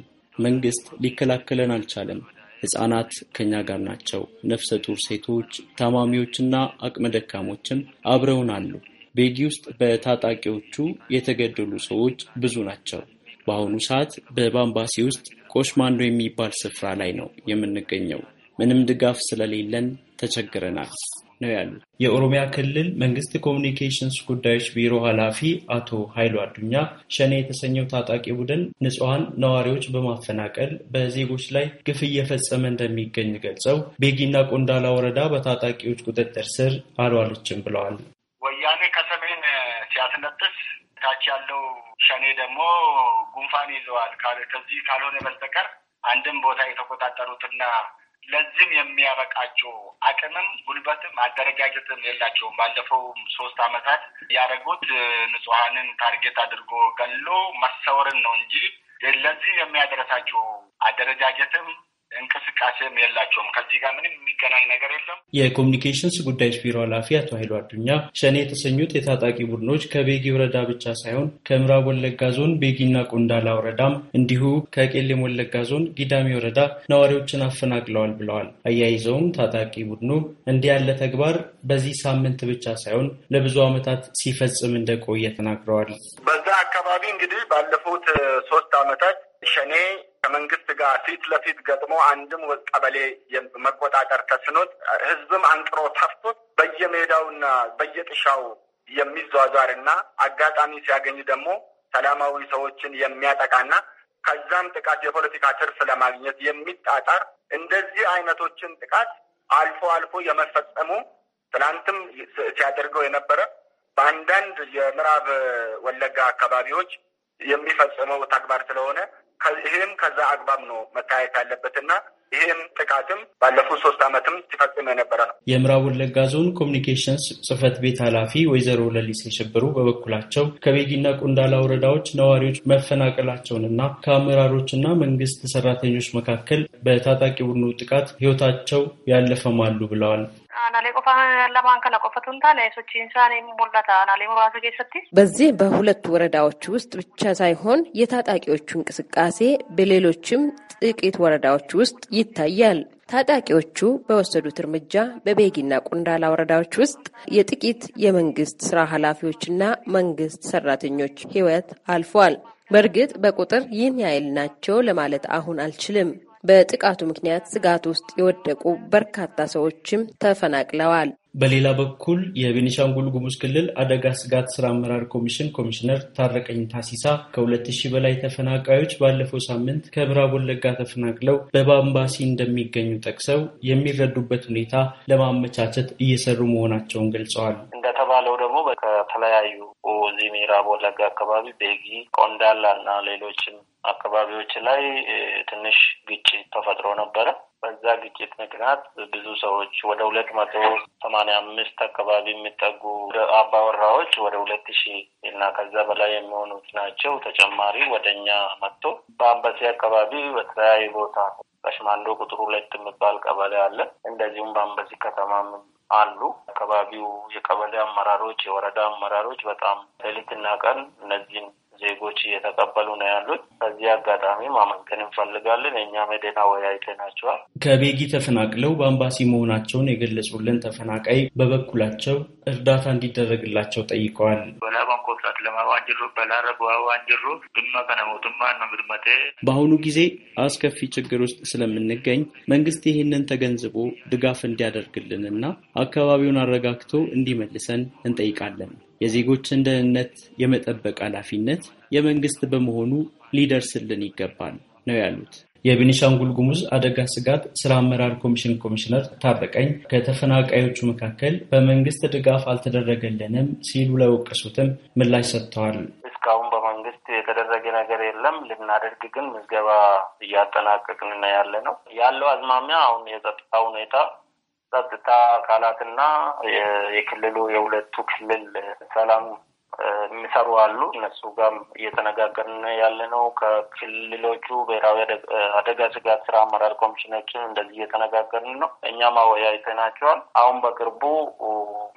መንግስት ሊከላከለን አልቻለም። ሕፃናት ከእኛ ጋር ናቸው። ነፍሰ ጡር ሴቶች፣ ታማሚዎችና አቅመ ደካሞችም አብረውን አሉ። ቤጊ ውስጥ በታጣቂዎቹ የተገደሉ ሰዎች ብዙ ናቸው። በአሁኑ ሰዓት በባምባሲ ውስጥ ቆሽማንዶ የሚባል ስፍራ ላይ ነው የምንገኘው። ምንም ድጋፍ ስለሌለን ተቸግረናል። ነው ያሉት የኦሮሚያ ክልል መንግስት ኮሚኒኬሽንስ ጉዳዮች ቢሮ ኃላፊ አቶ ኃይሉ አዱኛ ሸኔ የተሰኘው ታጣቂ ቡድን ንጹሐን ነዋሪዎች በማፈናቀል በዜጎች ላይ ግፍ እየፈጸመ እንደሚገኝ ገልጸው ቤጊና ቆንዳላ ወረዳ በታጣቂዎች ቁጥጥር ስር አሏለችም ብለዋል። ወያኔ ከሰሜን ሲያስነጥስ ታች ያለው ሸኔ ደግሞ ጉንፋን ይዘዋል። ከዚህ ካልሆነ በስተቀር አንድም ቦታ የተቆጣጠሩትና ለዚህም የሚያበቃቸው አቅምም ጉልበትም አደረጃጀትም የላቸውም። ባለፈው ሶስት አመታት ያደረጉት ንጹሐንን ታርጌት አድርጎ ገሎ መሰወርን ነው እንጂ ለዚህ የሚያደረሳቸው አደረጃጀትም እንቅስቃሴም የላቸውም። ከዚህ ጋር ምንም የሚገናኝ ነገር የለም። የኮሚኒኬሽንስ ጉዳዮች ቢሮ ኃላፊ አቶ ኃይሉ አዱኛ ሸኔ የተሰኙት የታጣቂ ቡድኖች ከቤጊ ወረዳ ብቻ ሳይሆን ከምዕራብ ወለጋ ዞን ቤጊና ቆንዳላ ወረዳም እንዲሁ ከቄሌም ወለጋ ዞን ጊዳሚ ወረዳ ነዋሪዎችን አፈናቅለዋል ብለዋል። አያይዘውም ታጣቂ ቡድኑ እንዲህ ያለ ተግባር በዚህ ሳምንት ብቻ ሳይሆን ለብዙ ዓመታት ሲፈጽም እንደቆየ ተናግረዋል። በዛ አካባቢ እንግዲህ ባለፉት ሶስት ዓመታት ሸኔ ከመንግስት ጋር ፊት ለፊት ገጥሞ አንድም ቀበሌ መቆጣጠር ተስኖት ህዝብም አንቅሮ ተፍቶት በየሜዳውና በየጥሻው የሚዟዟርና አጋጣሚ ሲያገኝ ደግሞ ሰላማዊ ሰዎችን የሚያጠቃና ከዛም ጥቃት የፖለቲካ ትርፍ ለማግኘት የሚጣጣር እንደዚህ አይነቶችን ጥቃት አልፎ አልፎ የመፈጸሙ ትናንትም ሲያደርገው የነበረ በአንዳንድ የምዕራብ ወለጋ አካባቢዎች የሚፈጽመው ተግባር ስለሆነ ይህም ከዛ አግባብ ነው መታየት ያለበትና ይህም ጥቃትም ባለፉት ሶስት ዓመትም ሲፈጽም የነበረ ነው። የምዕራብ ወለጋ ዞን ኮሚኒኬሽንስ ጽህፈት ቤት ኃላፊ ወይዘሮ ለሊስ የሽብሩ በበኩላቸው ከቤጊና ቁንዳላ ወረዳዎች ነዋሪዎች መፈናቀላቸውንና ከአመራሮችና መንግስት ሰራተኞች መካከል በታጣቂ ቡድኑ ጥቃት ህይወታቸው ያለፈማሉ ብለዋል። አናሌ ቆፋ ለማን ከነ እንታ ለሶች ኢንሳን ሞላታ አናሌ ሙራሱ ጌሰቲ በዚህ በሁለት ወረዳዎች ውስጥ ብቻ ሳይሆን የታጣቂዎቹ እንቅስቃሴ በሌሎችም ጥቂት ወረዳዎች ውስጥ ይታያል። ታጣቂዎቹ በወሰዱት እርምጃ በቤጊና ቁንዳላ ወረዳዎች ውስጥ የጥቂት የመንግስት ስራ ኃላፊዎችና መንግስት ሰራተኞች ህይወት አልፏል። በእርግጥ በቁጥር ይህን ያህል ናቸው ለማለት አሁን አልችልም። በጥቃቱ ምክንያት ስጋት ውስጥ የወደቁ በርካታ ሰዎችም ተፈናቅለዋል። በሌላ በኩል የቤኒሻንጉል ጉሙዝ ክልል አደጋ ስጋት ስራ አመራር ኮሚሽን ኮሚሽነር ታረቀኝ ታሲሳ ከሁለት ሺህ በላይ ተፈናቃዮች ባለፈው ሳምንት ከምዕራብ ወለጋ ተፈናቅለው በባምባሲ እንደሚገኙ ጠቅሰው የሚረዱበት ሁኔታ ለማመቻቸት እየሰሩ መሆናቸውን ገልጸዋል። እንደተባለው ደግሞ ከተለያዩ እዚህ ምዕራብ ወለጋ አካባቢ ቤጊ፣ ቆንዳላ እና ሌሎችም አካባቢዎች ላይ ትንሽ ግጭት ተፈጥሮ ነበረ። በዛ ግጭት ምክንያት ብዙ ሰዎች ወደ ሁለት መቶ ሰማንያ አምስት አካባቢ የሚጠጉ አባወራዎች ወደ ሁለት ሺህ እና ከዛ በላይ የሚሆኑት ናቸው። ተጨማሪ ወደ እኛ መጥቶ በአምባሲ አካባቢ በተለያዩ ቦታ በሽማንዶ ቁጥር ሁለት የሚባል ቀበሌ አለ። እንደዚሁም በአምባሲ ከተማ አሉ። አካባቢው የቀበሌ አመራሮች፣ የወረዳ አመራሮች በጣም ሌሊትና ቀን እነዚህን ዜጎች እየተቀበሉ ነው ያሉት። በዚህ አጋጣሚ ማመስገን እንፈልጋለን። የእኛም ሄደን አወያይተናቸዋል። ከቤጊ ተፈናቅለው በአምባሲ መሆናቸውን የገለጹልን ተፈናቃይ በበኩላቸው እርዳታ እንዲደረግላቸው ጠይቀዋል። በአሁኑ ጊዜ አስከፊ ችግር ውስጥ ስለምንገኝ መንግስት ይህንን ተገንዝቦ ድጋፍ እንዲያደርግልንና አካባቢውን አረጋግቶ እንዲመልሰን እንጠይቃለን። የዜጎችን ደህንነት የመጠበቅ ኃላፊነት የመንግስት በመሆኑ ሊደርስልን ይገባል ነው ያሉት። የቤኒሻንጉል ጉሙዝ አደጋ ስጋት ስራ አመራር ኮሚሽን ኮሚሽነር ታበቀኝ ከተፈናቃዮቹ መካከል በመንግስት ድጋፍ አልተደረገልንም ሲሉ ለወቀሱትም ምላሽ ሰጥተዋል። እስካሁን በመንግስት የተደረገ ነገር የለም። ልናደርግ ግን ምዝገባ እያጠናቀቅን ያለ ነው ያለው አዝማሚያ አሁን የጸጥታ ሁኔታ ጸጥታ አካላትና የክልሉ የሁለቱ ክልል ሰላም የሚሰሩ አሉ። እነሱ ጋር እየተነጋገርን ያለ ነው። ከክልሎቹ ብሔራዊ አደጋ ስጋት ስራ አመራር ኮሚሽኖችን እንደዚህ እየተነጋገርን ነው። እኛም አወያይተናቸዋል። አሁን በቅርቡ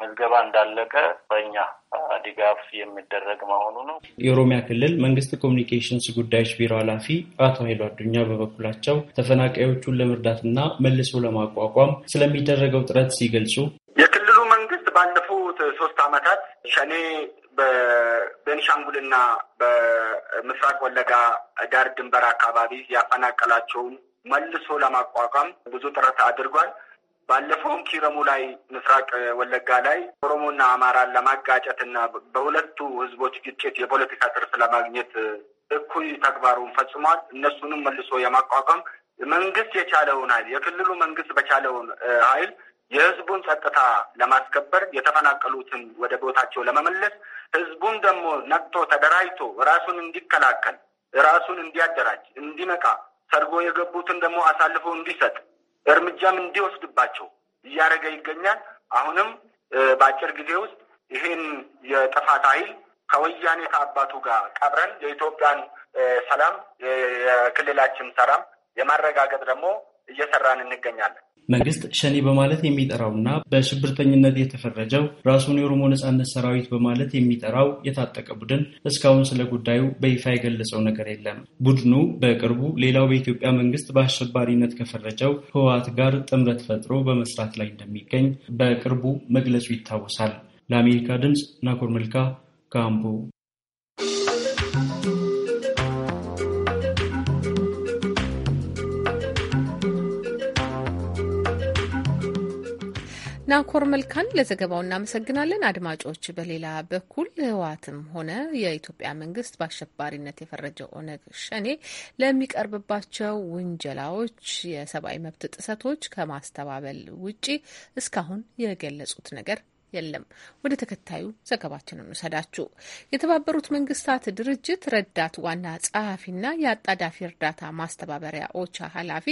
ምዝገባ እንዳለቀ በእኛ ድጋፍ የሚደረግ መሆኑ ነው። የኦሮሚያ ክልል መንግስት ኮሚኒኬሽንስ ጉዳዮች ቢሮ ኃላፊ አቶ ኃይሉ አዱኛ በበኩላቸው ተፈናቃዮቹን ለመርዳትና መልሶ ለማቋቋም ስለሚደረገው ጥረት ሲገልጹ የክልሉ መንግስት ባለፉት ሶስት ዓመታት ሸኔ በቤንሻንጉልና በምስራቅ ወለጋ ዳር ድንበር አካባቢ ያፈናቀላቸውን መልሶ ለማቋቋም ብዙ ጥረት አድርጓል። ባለፈውም ኪረሙ ላይ ምስራቅ ወለጋ ላይ ኦሮሞና አማራን ለማጋጨትና በሁለቱ ህዝቦች ግጭት የፖለቲካ ትርፍ ለማግኘት እኩይ ተግባሩን ፈጽሟል። እነሱንም መልሶ የማቋቋም መንግስት የቻለውን ኃይል የክልሉ መንግስት በቻለውን ኃይል የህዝቡን ጸጥታ ለማስከበር የተፈናቀሉትን ወደ ቦታቸው ለመመለስ ህዝቡን ደግሞ ነቅቶ ተደራጅቶ ራሱን እንዲከላከል ራሱን እንዲያደራጅ እንዲነቃ ሰርጎ የገቡትን ደግሞ አሳልፎ እንዲሰጥ እርምጃም እንዲወስድባቸው እያደረገ ይገኛል። አሁንም በአጭር ጊዜ ውስጥ ይህን የጥፋት ኃይል ከወያኔ ከአባቱ ጋር ቀብረን የኢትዮጵያን ሰላም የክልላችን ሰላም የማረጋገጥ ደግሞ እየሰራን እንገኛለን። መንግስት ሸኔ በማለት የሚጠራውና በሽብርተኝነት የተፈረጀው ራሱን የኦሮሞ ነጻነት ሰራዊት በማለት የሚጠራው የታጠቀ ቡድን እስካሁን ስለ ጉዳዩ በይፋ የገለጸው ነገር የለም። ቡድኑ በቅርቡ ሌላው በኢትዮጵያ መንግስት በአሸባሪነት ከፈረጀው ህወሓት ጋር ጥምረት ፈጥሮ በመስራት ላይ እንደሚገኝ በቅርቡ መግለጹ ይታወሳል። ለአሜሪካ ድምፅ ናኮር መልካ ካምቦ ናኮር መልካን ለዘገባው እናመሰግናለን። አድማጮች፣ በሌላ በኩል ህወሓትም ሆነ የኢትዮጵያ መንግስት በአሸባሪነት የፈረጀው ኦነግ ሸኔ ለሚቀርብባቸው ውንጀላዎች፣ የሰብአዊ መብት ጥሰቶች ከማስተባበል ውጪ እስካሁን የገለጹት ነገር የለም። ወደ ተከታዩ ዘገባችን እንውሰዳችሁ። የተባበሩት መንግስታት ድርጅት ረዳት ዋና ጸሐፊና የአጣዳፊ እርዳታ ማስተባበሪያ ኦቻ ኃላፊ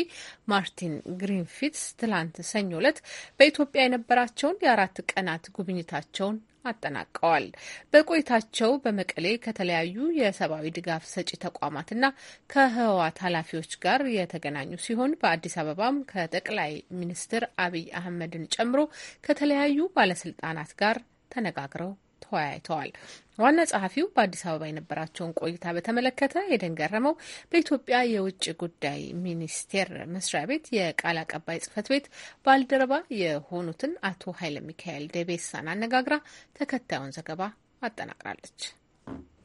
ማርቲን ግሪንፊትስ ትላንት ሰኞ ዕለት በኢትዮጵያ የነበራቸውን የአራት ቀናት ጉብኝታቸውን አጠናቀዋል። በቆይታቸው በመቀሌ ከተለያዩ የሰብአዊ ድጋፍ ሰጪ ተቋማትና ከህወሓት ኃላፊዎች ጋር የተገናኙ ሲሆን በአዲስ አበባም ከጠቅላይ ሚኒስትር አብይ አህመድን ጨምሮ ከተለያዩ ባለስልጣናት ጋር ተነጋግረው ተወያይተዋል። ዋና ጸሐፊው በአዲስ አበባ የነበራቸውን ቆይታ በተመለከተ ኤደን ገረመው በኢትዮጵያ የውጭ ጉዳይ ሚኒስቴር መስሪያ ቤት የቃል አቀባይ ጽህፈት ቤት ባልደረባ የሆኑትን አቶ ኃይለ ሚካኤል ደቤሳን አነጋግራ ተከታዩን ዘገባ አጠናቅራለች።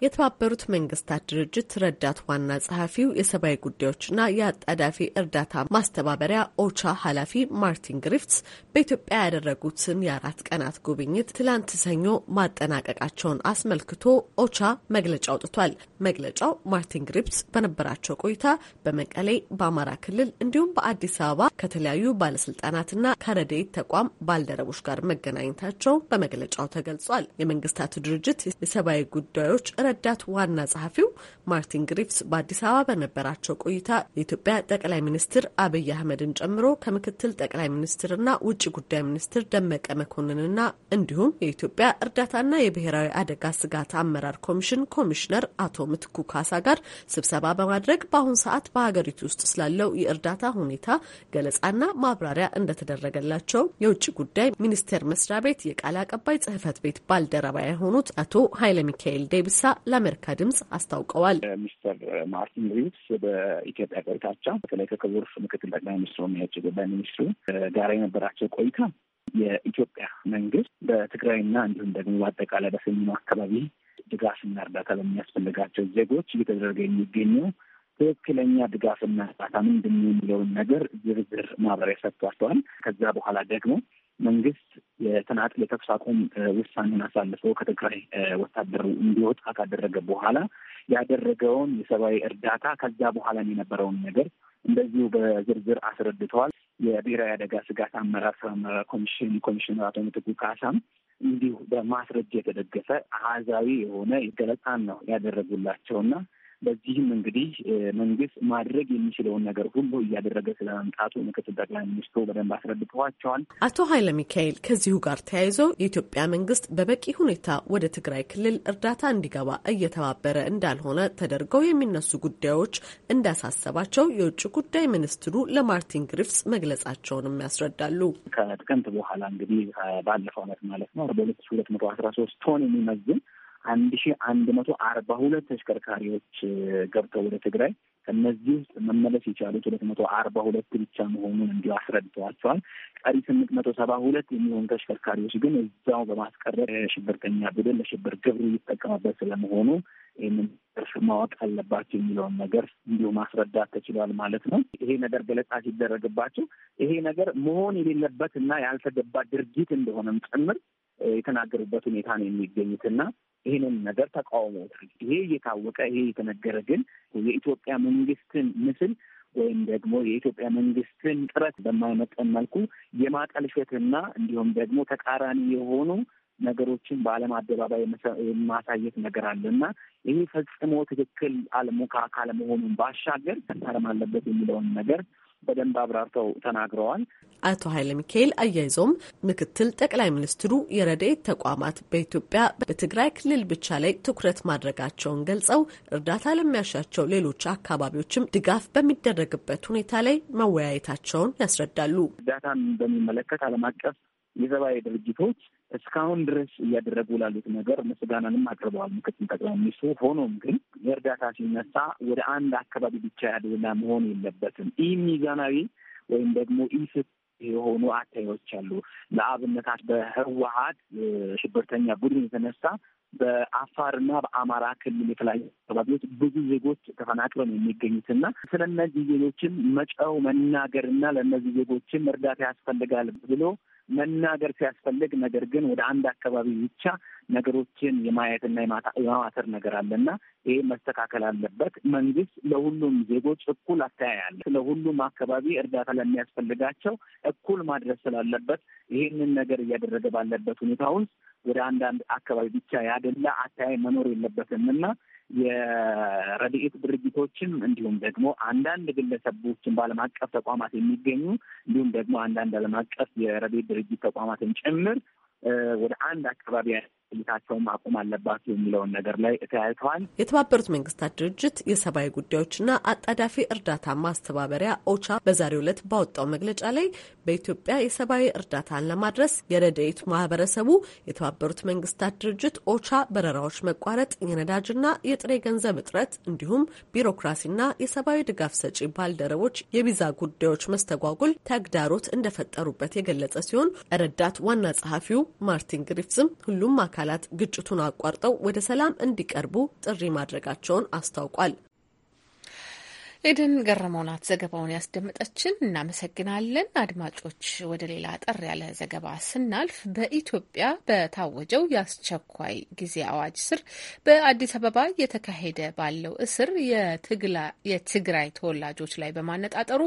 የተባበሩት መንግስታት ድርጅት ረዳት ዋና ጸሐፊው የሰብአዊ ጉዳዮችና የአጣዳፊ እርዳታ ማስተባበሪያ ኦቻ ኃላፊ ማርቲን ግሪፍትስ በኢትዮጵያ ያደረጉትን የአራት ቀናት ጉብኝት ትላንት ሰኞ ማጠናቀቃቸውን አስመልክቶ ኦቻ መግለጫ አውጥቷል። መግለጫው ማርቲን ግሪፍትስ በነበራቸው ቆይታ በመቀሌ፣ በአማራ ክልል እንዲሁም በአዲስ አበባ ከተለያዩ ባለስልጣናትና ከረድኤት ተቋም ባልደረቦች ጋር መገናኘታቸው በመግለጫው ተገልጿል። የመንግስታቱ ድርጅት የሰብአዊ ጉዳዮች ረዳት ዋና ጸሐፊው ማርቲን ግሪፍስ በአዲስ አበባ በነበራቸው ቆይታ የኢትዮጵያ ጠቅላይ ሚኒስትር አብይ አህመድን ጨምሮ ከምክትል ጠቅላይ ሚኒስትርና ውጭ ጉዳይ ሚኒስትር ደመቀ መኮንንና እንዲሁም የኢትዮጵያ እርዳታና የብሔራዊ አደጋ ስጋት አመራር ኮሚሽን ኮሚሽነር አቶ ምትኩ ካሳ ጋር ስብሰባ በማድረግ በአሁን ሰዓት በሀገሪቱ ውስጥ ስላለው የእርዳታ ሁኔታ ገለጻና ማብራሪያ እንደተደረገላቸው የውጭ ጉዳይ ሚኒስቴር መስሪያ ቤት የቃል አቀባይ ጽህፈት ቤት ባልደረባ የሆኑት አቶ ኃይለ ሚካኤል ዴቢሳ ለአሜሪካ ድምጽ አስታውቀዋል። ሚስተር ማርቲን ሪቭስ በኢትዮጵያ ቆይታቸው በተለይ ከክቡር ምክትል ጠቅላይ ሚኒስትሩ እና የውጭ ጉዳይ ሚኒስትሩ ጋር የነበራቸው ቆይታ የኢትዮጵያ መንግስት በትግራይና እንዲሁም ደግሞ በአጠቃላይ በሰሜኑ አካባቢ ድጋፍና እርዳታ በሚያስፈልጋቸው ዜጎች እየተደረገ የሚገኘው ትክክለኛ ድጋፍና እርዳታ ምንድን የሚለውን ነገር ዝርዝር ማብራሪያ ሰጥቷቸዋል። ከዛ በኋላ ደግሞ መንግስት የተናጥል የተኩስ አቁም ውሳኔን አሳልፎ ከትግራይ ወታደሩ እንዲወጣ ካደረገ በኋላ ያደረገውን የሰብአዊ እርዳታ ከዚያ በኋላ የነበረውን ነገር እንደዚሁ በዝርዝር አስረድተዋል። የብሔራዊ አደጋ ስጋት አመራር ስራ አመራር ኮሚሽን ኮሚሽነር አቶ ምትኩ ካሳም እንዲሁ በማስረጃ የተደገፈ አሃዛዊ የሆነ ገለጻን ነው ያደረጉላቸውና በዚህም እንግዲህ መንግስት ማድረግ የሚችለውን ነገር ሁሉ እያደረገ ስለመምጣቱ ምክትል ጠቅላይ ሚኒስትሩ በደንብ አስረድተዋቸዋል። አቶ ኃይለ ሚካኤል ከዚሁ ጋር ተያይዘው የኢትዮጵያ መንግስት በበቂ ሁኔታ ወደ ትግራይ ክልል እርዳታ እንዲገባ እየተባበረ እንዳልሆነ ተደርገው የሚነሱ ጉዳዮች እንዳሳሰባቸው የውጭ ጉዳይ ሚኒስትሩ ለማርቲን ግሪፍስ መግለጻቸውንም ያስረዳሉ። ከጥቅምት በኋላ እንግዲህ ባለፈው አመት ማለት ነው ወደ ሁለት ሁለት መቶ አስራ ሶስት ቶን የሚመዝን አንድ ሺ አንድ መቶ አርባ ሁለት ተሽከርካሪዎች ገብተው ወደ ትግራይ ከእነዚህ ውስጥ መመለስ የቻሉት ሁለት መቶ አርባ ሁለት ብቻ መሆኑን እንዲሁ አስረድተዋቸዋል። ቀሪ ስምንት መቶ ሰባ ሁለት የሚሆኑ ተሽከርካሪዎች ግን እዛው በማስቀረት የሽብርተኛ ቡድን ለሽብር ግብር እየተጠቀመበት ስለመሆኑ ይህንን ማወቅ አለባቸው የሚለውን ነገር እንዲሁ ማስረዳት ተችሏል ማለት ነው። ይሄ ነገር ገለጻ ሲደረግባቸው ይሄ ነገር መሆን የሌለበት እና ያልተገባ ድርጊት እንደሆነም ጭምር የተናገሩበት ሁኔታ ነው የሚገኙትና ይህንን ነገር ተቃውሞታል። ይሄ እየታወቀ ይሄ የተነገረ ግን የኢትዮጵያ መንግስትን ምስል ወይም ደግሞ የኢትዮጵያ መንግስትን ጥረት በማይመጠን መልኩ የማጠልሸትና እንዲሁም ደግሞ ተቃራኒ የሆኑ ነገሮችን በዓለም አደባባይ የማሳየት ነገር አለ እና ይህ ፈጽሞ ትክክል አለሙ ካለመሆኑን ባሻገር መታረም አለበት የሚለውን ነገር በደንብ አብራርተው ተናግረዋል። አቶ ኃይለ ሚካኤል አያይዘውም ምክትል ጠቅላይ ሚኒስትሩ የረድኤት ተቋማት በኢትዮጵያ በትግራይ ክልል ብቻ ላይ ትኩረት ማድረጋቸውን ገልጸው እርዳታ ለሚያሻቸው ሌሎች አካባቢዎችም ድጋፍ በሚደረግበት ሁኔታ ላይ መወያየታቸውን ያስረዳሉ። እርዳታን በሚመለከት ዓለም አቀፍ የሰብአዊ ድርጅቶች እስካሁን ድረስ እያደረጉ ላሉት ነገር ምስጋናንም አቅርበዋል ምክትል ጠቅላይ ሚኒስትሩ። ሆኖም ግን የእርዳታ ሲነሳ ወደ አንድ አካባቢ ብቻ ያደላ መሆን የለበትም። ኢ ሚዛናዊ ወይም ደግሞ ኢ የሆኑ አታዮች አሉ። ለአብነታት በህወሀት ሽብርተኛ ቡድን የተነሳ በአፋርና በአማራ ክልል የተለያዩ አካባቢዎች ብዙ ዜጎች ተፈናቅለው ነው የሚገኙትና ስለ እነዚህ ዜጎችን መጫው መናገርና ለእነዚህ ዜጎችም እርዳታ ያስፈልጋል ብሎ መናገር ሲያስፈልግ ነገር ግን ወደ አንድ አካባቢ ብቻ ነገሮችን የማየትና የማማተር ነገር አለና ይሄ መስተካከል አለበት። መንግስት ለሁሉም ዜጎች እኩል አተያይ አለ። ለሁሉም አካባቢ እርዳታ ለሚያስፈልጋቸው እኩል ማድረስ ስላለበት ይህንን ነገር እያደረገ ባለበት ሁኔታ ውስጥ ወደ አንዳንድ አካባቢ ብቻ ያደላ አተያይ መኖር የለበትም እና የረድኤት ድርጅቶችም እንዲሁም ደግሞ አንዳንድ ግለሰቦችን በዓለም አቀፍ ተቋማት የሚገኙ እንዲሁም ደግሞ አንዳንድ ዓለም አቀፍ የረድኤት ድርጅት ተቋማትን ጭምር ወደ አንድ አካባቢ ቆይታቸውን ማቆም አለባቸው የሚለውን ነገር ላይ ተያይተዋል። የተባበሩት መንግስታት ድርጅት የሰብአዊ ጉዳዮችና አጣዳፊ እርዳታ ማስተባበሪያ ኦቻ በዛሬው ዕለት ባወጣው መግለጫ ላይ በኢትዮጵያ የሰብአዊ እርዳታን ለማድረስ የረድኤት ማህበረሰቡ የተባበሩት መንግስታት ድርጅት ኦቻ በረራዎች መቋረጥ፣ የነዳጅና የጥሬ ገንዘብ እጥረት እንዲሁም ቢሮክራሲና የሰብአዊ ድጋፍ ሰጪ ባልደረቦች የቪዛ ጉዳዮች መስተጓጉል ተግዳሮት እንደፈጠሩበት የገለጸ ሲሆን ረዳት ዋና ጸሐፊው ማርቲን ግሪፍስም ሁሉም አካል አካላት ግጭቱን አቋርጠው ወደ ሰላም እንዲቀርቡ ጥሪ ማድረጋቸውን አስታውቋል። ኤደን ገረመው ናት ዘገባውን ያስደመጠችን፣ እናመሰግናለን። አድማጮች፣ ወደ ሌላ አጠር ያለ ዘገባ ስናልፍ በኢትዮጵያ በታወጀው የአስቸኳይ ጊዜ አዋጅ ስር በአዲስ አበባ እየተካሄደ ባለው እስር የትግራይ ተወላጆች ላይ በማነጣጠሩ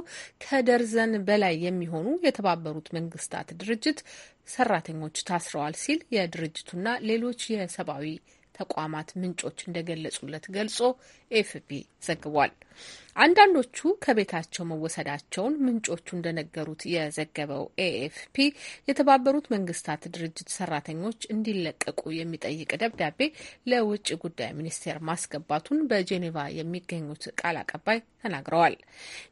ከደርዘን በላይ የሚሆኑ የተባበሩት መንግስታት ድርጅት ሰራተኞች ታስረዋል ሲል የድርጅቱና ሌሎች የሰብአዊ ተቋማት ምንጮች እንደገለጹለት ገልጾ ኤፍፒ ዘግቧል። አንዳንዶቹ ከቤታቸው መወሰዳቸውን ምንጮቹ እንደነገሩት የዘገበው ኤኤፍፒ የተባበሩት መንግስታት ድርጅት ሰራተኞች እንዲለቀቁ የሚጠይቅ ደብዳቤ ለውጭ ጉዳይ ሚኒስቴር ማስገባቱን በጄኔቫ የሚገኙት ቃል አቀባይ ተናግረዋል።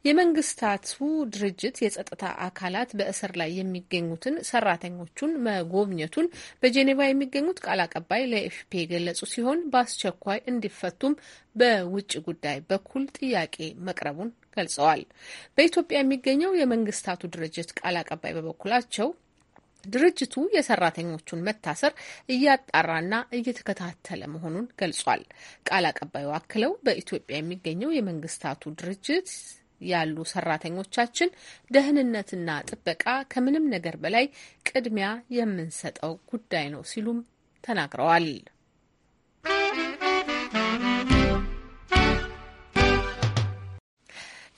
የመንግስታቱ ድርጅት የጸጥታ አካላት በእስር ላይ የሚገኙትን ሰራተኞቹን መጎብኘቱን በጄኔቫ የሚገኙት ቃል አቀባይ ለኤፍፒ የገለጹ ሲሆን በአስቸኳይ እንዲፈቱም በውጭ ጉዳይ በኩል ጥያቄ መቅረቡን ገልጸዋል። በኢትዮጵያ የሚገኘው የመንግስታቱ ድርጅት ቃል አቀባይ በበኩላቸው ድርጅቱ የሰራተኞቹን መታሰር እያጣራና እየተከታተለ መሆኑን ገልጿል። ቃል አቀባዩ አክለው በኢትዮጵያ የሚገኘው የመንግስታቱ ድርጅት ያሉ ሰራተኞቻችን ደህንነትና ጥበቃ ከምንም ነገር በላይ ቅድሚያ የምንሰጠው ጉዳይ ነው ሲሉም ተናግረዋል።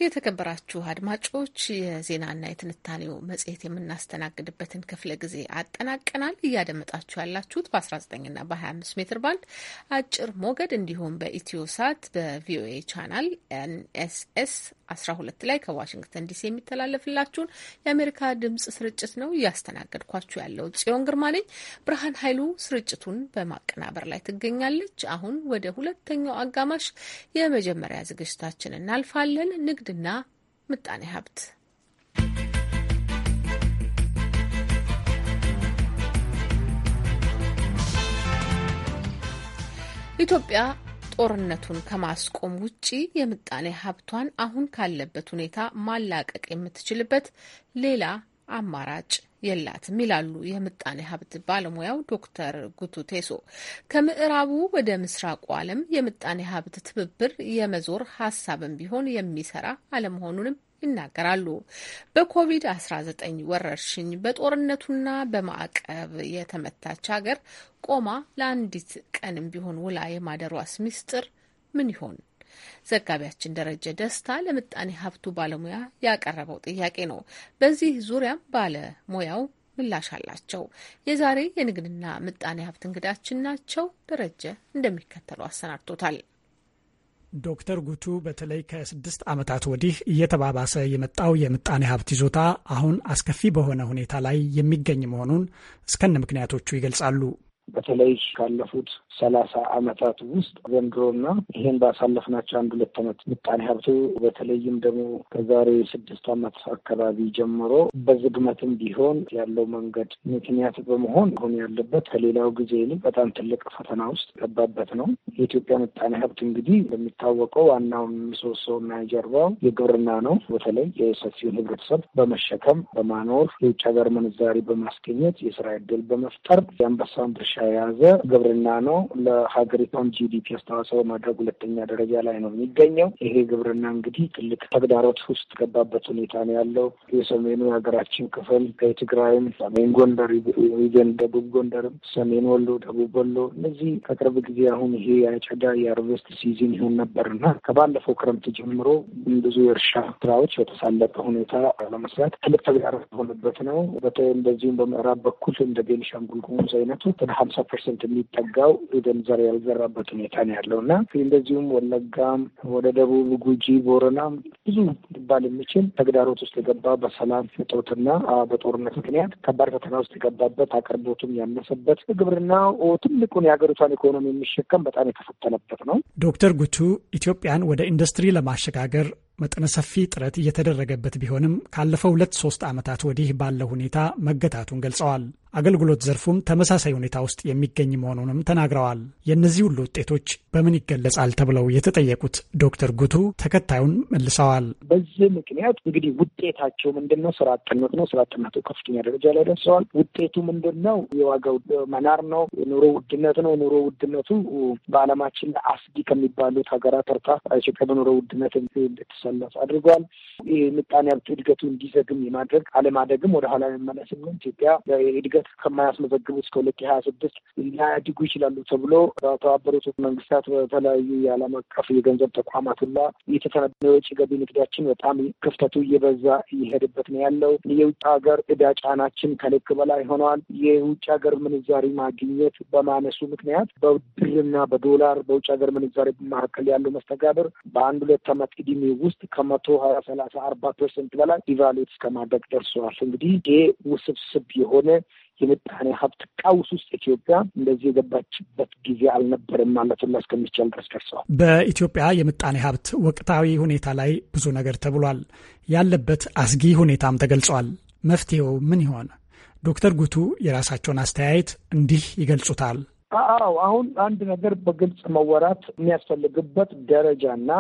የተከበራችሁ አድማጮች የዜናና የትንታኔው መጽሔት የምናስተናግድበትን ክፍለ ጊዜ አጠናቀናል። እያደመጣችሁ ያላችሁት በ19ና በ25 ሜትር ባንድ አጭር ሞገድ እንዲሁም በኢትዮ ሳት በቪኦኤ ቻናል ኤንኤስኤስ 12 ላይ ከዋሽንግተን ዲሲ የሚተላለፍላችሁን የአሜሪካ ድምጽ ስርጭት ነው። እያስተናገድኳችሁ ያለው ጽዮን ግርማ ነኝ። ብርሃን ኃይሉ ስርጭቱን በማቀናበር ላይ ትገኛለች። አሁን ወደ ሁለተኛው አጋማሽ የመጀመሪያ ዝግጅታችን እናልፋለን። ንግድ ንግድና ምጣኔ ሀብት ኢትዮጵያ ጦርነቱን ከማስቆም ውጪ የምጣኔ ሀብቷን አሁን ካለበት ሁኔታ ማላቀቅ የምትችልበት ሌላ አማራጭ የላትም ይላሉ የምጣኔ ሀብት ባለሙያው ዶክተር ጉቱቴሶ። ከምዕራቡ ወደ ምስራቁ ዓለም የምጣኔ ሀብት ትብብር የመዞር ሀሳብም ቢሆን የሚሰራ አለመሆኑንም ይናገራሉ። በኮቪድ-19 ወረርሽኝ በጦርነቱና በማዕቀብ የተመታች ሀገር ቆማ ለአንዲት ቀንም ቢሆን ውላ የማደሯስ ሚስጥር ምን ይሆን? ዘጋቢያችን ደረጀ ደስታ ለምጣኔ ሀብቱ ባለሙያ ያቀረበው ጥያቄ ነው። በዚህ ዙሪያም ባለሙያው ምላሽ አላቸው። የዛሬ የንግድና ምጣኔ ሀብት እንግዳችን ናቸው። ደረጀ እንደሚከተለው አሰናድቶታል። ዶክተር ጉቱ በተለይ ከስድስት ዓመታት ወዲህ እየተባባሰ የመጣው የምጣኔ ሀብት ይዞታ አሁን አስከፊ በሆነ ሁኔታ ላይ የሚገኝ መሆኑን እስከነ ምክንያቶቹ ይገልጻሉ። በተለይ ካለፉት ሰላሳ አመታት ውስጥ ዘንድሮና ይሄን ባሳለፍናቸው አንድ ሁለት አመት ምጣኔ ሀብቱ በተለይም ደግሞ ከዛሬ ስድስት አመት አካባቢ ጀምሮ በዝግመትም ቢሆን ያለው መንገድ ምክንያት በመሆን አሁን ያለበት ከሌላው ጊዜ ይልቅ በጣም ትልቅ ፈተና ውስጥ ገባበት ነው። የኢትዮጵያ ምጣኔ ሀብት እንግዲህ በሚታወቀው ዋናውን ምሰሶና ጀርባው የግብርና ነው። በተለይ የሰፊውን ህብረተሰብ በመሸከም በማኖር የውጭ ሀገር ምንዛሪ በማስገኘት የስራ እድል በመፍጠር የአንበሳውን ድርሻ ድርሻ የያዘ ግብርና ነው። ለሀገሪቷን ጂዲፒ አስተዋጽኦ ማድረግ ሁለተኛ ደረጃ ላይ ነው የሚገኘው። ይሄ ግብርና እንግዲህ ትልቅ ተግዳሮት ውስጥ ገባበት ሁኔታ ነው ያለው። የሰሜኑ የሀገራችን ክፍል ከትግራይም፣ ሰሜን ጎንደር፣ ሪጅን ደቡብ ጎንደርም፣ ሰሜን ወሎ፣ ደቡብ ወሎ እነዚህ ከቅርብ ጊዜ አሁን ይሄ የአጨዳ የአርቨስት ሲዝን ይሆን ነበርና ከባለፈው ክረምት ጀምሮ ብዙ የእርሻ ስራዎች በተሳለቀ ሁኔታ ለመስራት ትልቅ ተግዳሮት የሆነበት ነው። በተለይ እንደዚሁም በምዕራብ በኩል እንደ ቤኒሻንጉል ጉሙዝ አይነቱ ሀምሳ ፐርሰንት የሚጠጋው የደም ዘር ያልዘራበት ሁኔታ ነው ያለው እና እንደዚሁም ወለጋም ወደ ደቡብ ጉጂ፣ ቦረናም ብዙ ሊባል የሚችል ተግዳሮት ውስጥ የገባ በሰላም እጦትና በጦርነት ምክንያት ከባድ ፈተና ውስጥ የገባበት አቅርቦቱም ያነሰበት ግብርናው ትልቁን የሀገሪቷን ኢኮኖሚ የሚሸከም በጣም የተፈተነበት ነው። ዶክተር ጉቱ ኢትዮጵያን ወደ ኢንዱስትሪ ለማሸጋገር መጠነ ሰፊ ጥረት እየተደረገበት ቢሆንም ካለፈው ሁለት ሶስት ዓመታት ወዲህ ባለው ሁኔታ መገታቱን ገልጸዋል። አገልግሎት ዘርፉም ተመሳሳይ ሁኔታ ውስጥ የሚገኝ መሆኑንም ተናግረዋል። የእነዚህ ሁሉ ውጤቶች በምን ይገለጻል ተብለው የተጠየቁት ዶክተር ጉቱ ተከታዩን መልሰዋል። በዚህ ምክንያት እንግዲህ ውጤታቸው ምንድን ነው? ስራ አጥነት ነው። ስራ አጥነቱ ከፍተኛ ደረጃ ላይ ደርሰዋል። ውጤቱ ምንድን ነው? የዋጋው መናር ነው። ኑሮ ውድነት ነው። ኑሮ ውድነቱ በዓለማችን አስጊ ከሚባሉት ሀገራት ተርታ ኢትዮጵያ በኑሮ ውድነት እንድትሰለፍ አድርጓል። ምጣኔ እድገቱ እንዲዘግም የማድረግ አለማደግም ወደ ኋላ መመለስ ኢትዮጵያ እድገት ከማያስመዘግቡ እስከ ሁለት ሺህ ሀያ ስድስት ሊያድጉ ይችላሉ ተብሎ በተባበሩት መንግስታት በተለያዩ የዓለም አቀፍ የገንዘብ ተቋማት ሁላ የተተነበየ የውጭ ገቢ ንግዳችን በጣም ክፍተቱ እየበዛ እየሄደበት ነው ያለው። የውጭ ሀገር እዳ ጫናችን ከልክ በላይ ሆነዋል። የውጭ ሀገር ምንዛሪ ማግኘት በማነሱ ምክንያት በብርና በዶላር በውጭ ሀገር ምንዛሪ መካከል ያለው መስተጋብር በአንድ ሁለት ዓመት እድሜ ውስጥ ከመቶ ሀያ ሰላሳ አርባ ፐርሰንት በላይ ኢቫሉዌት እስከማድረግ ደርሰዋል። እንግዲህ ይህ ውስብስብ የሆነ የምጣኔ ሀብት ቀውስ ውስጥ ኢትዮጵያ እንደዚህ የገባችበት ጊዜ አልነበረም ማለት እስከሚቻል ድረስ ደርሰዋል። በኢትዮጵያ የምጣኔ ሀብት ወቅታዊ ሁኔታ ላይ ብዙ ነገር ተብሏል። ያለበት አስጊ ሁኔታም ተገልጿል። መፍትሄው ምን ይሆን? ዶክተር ጉቱ የራሳቸውን አስተያየት እንዲህ ይገልጹታል። አዎ አሁን አንድ ነገር በግልጽ መወራት የሚያስፈልግበት ደረጃና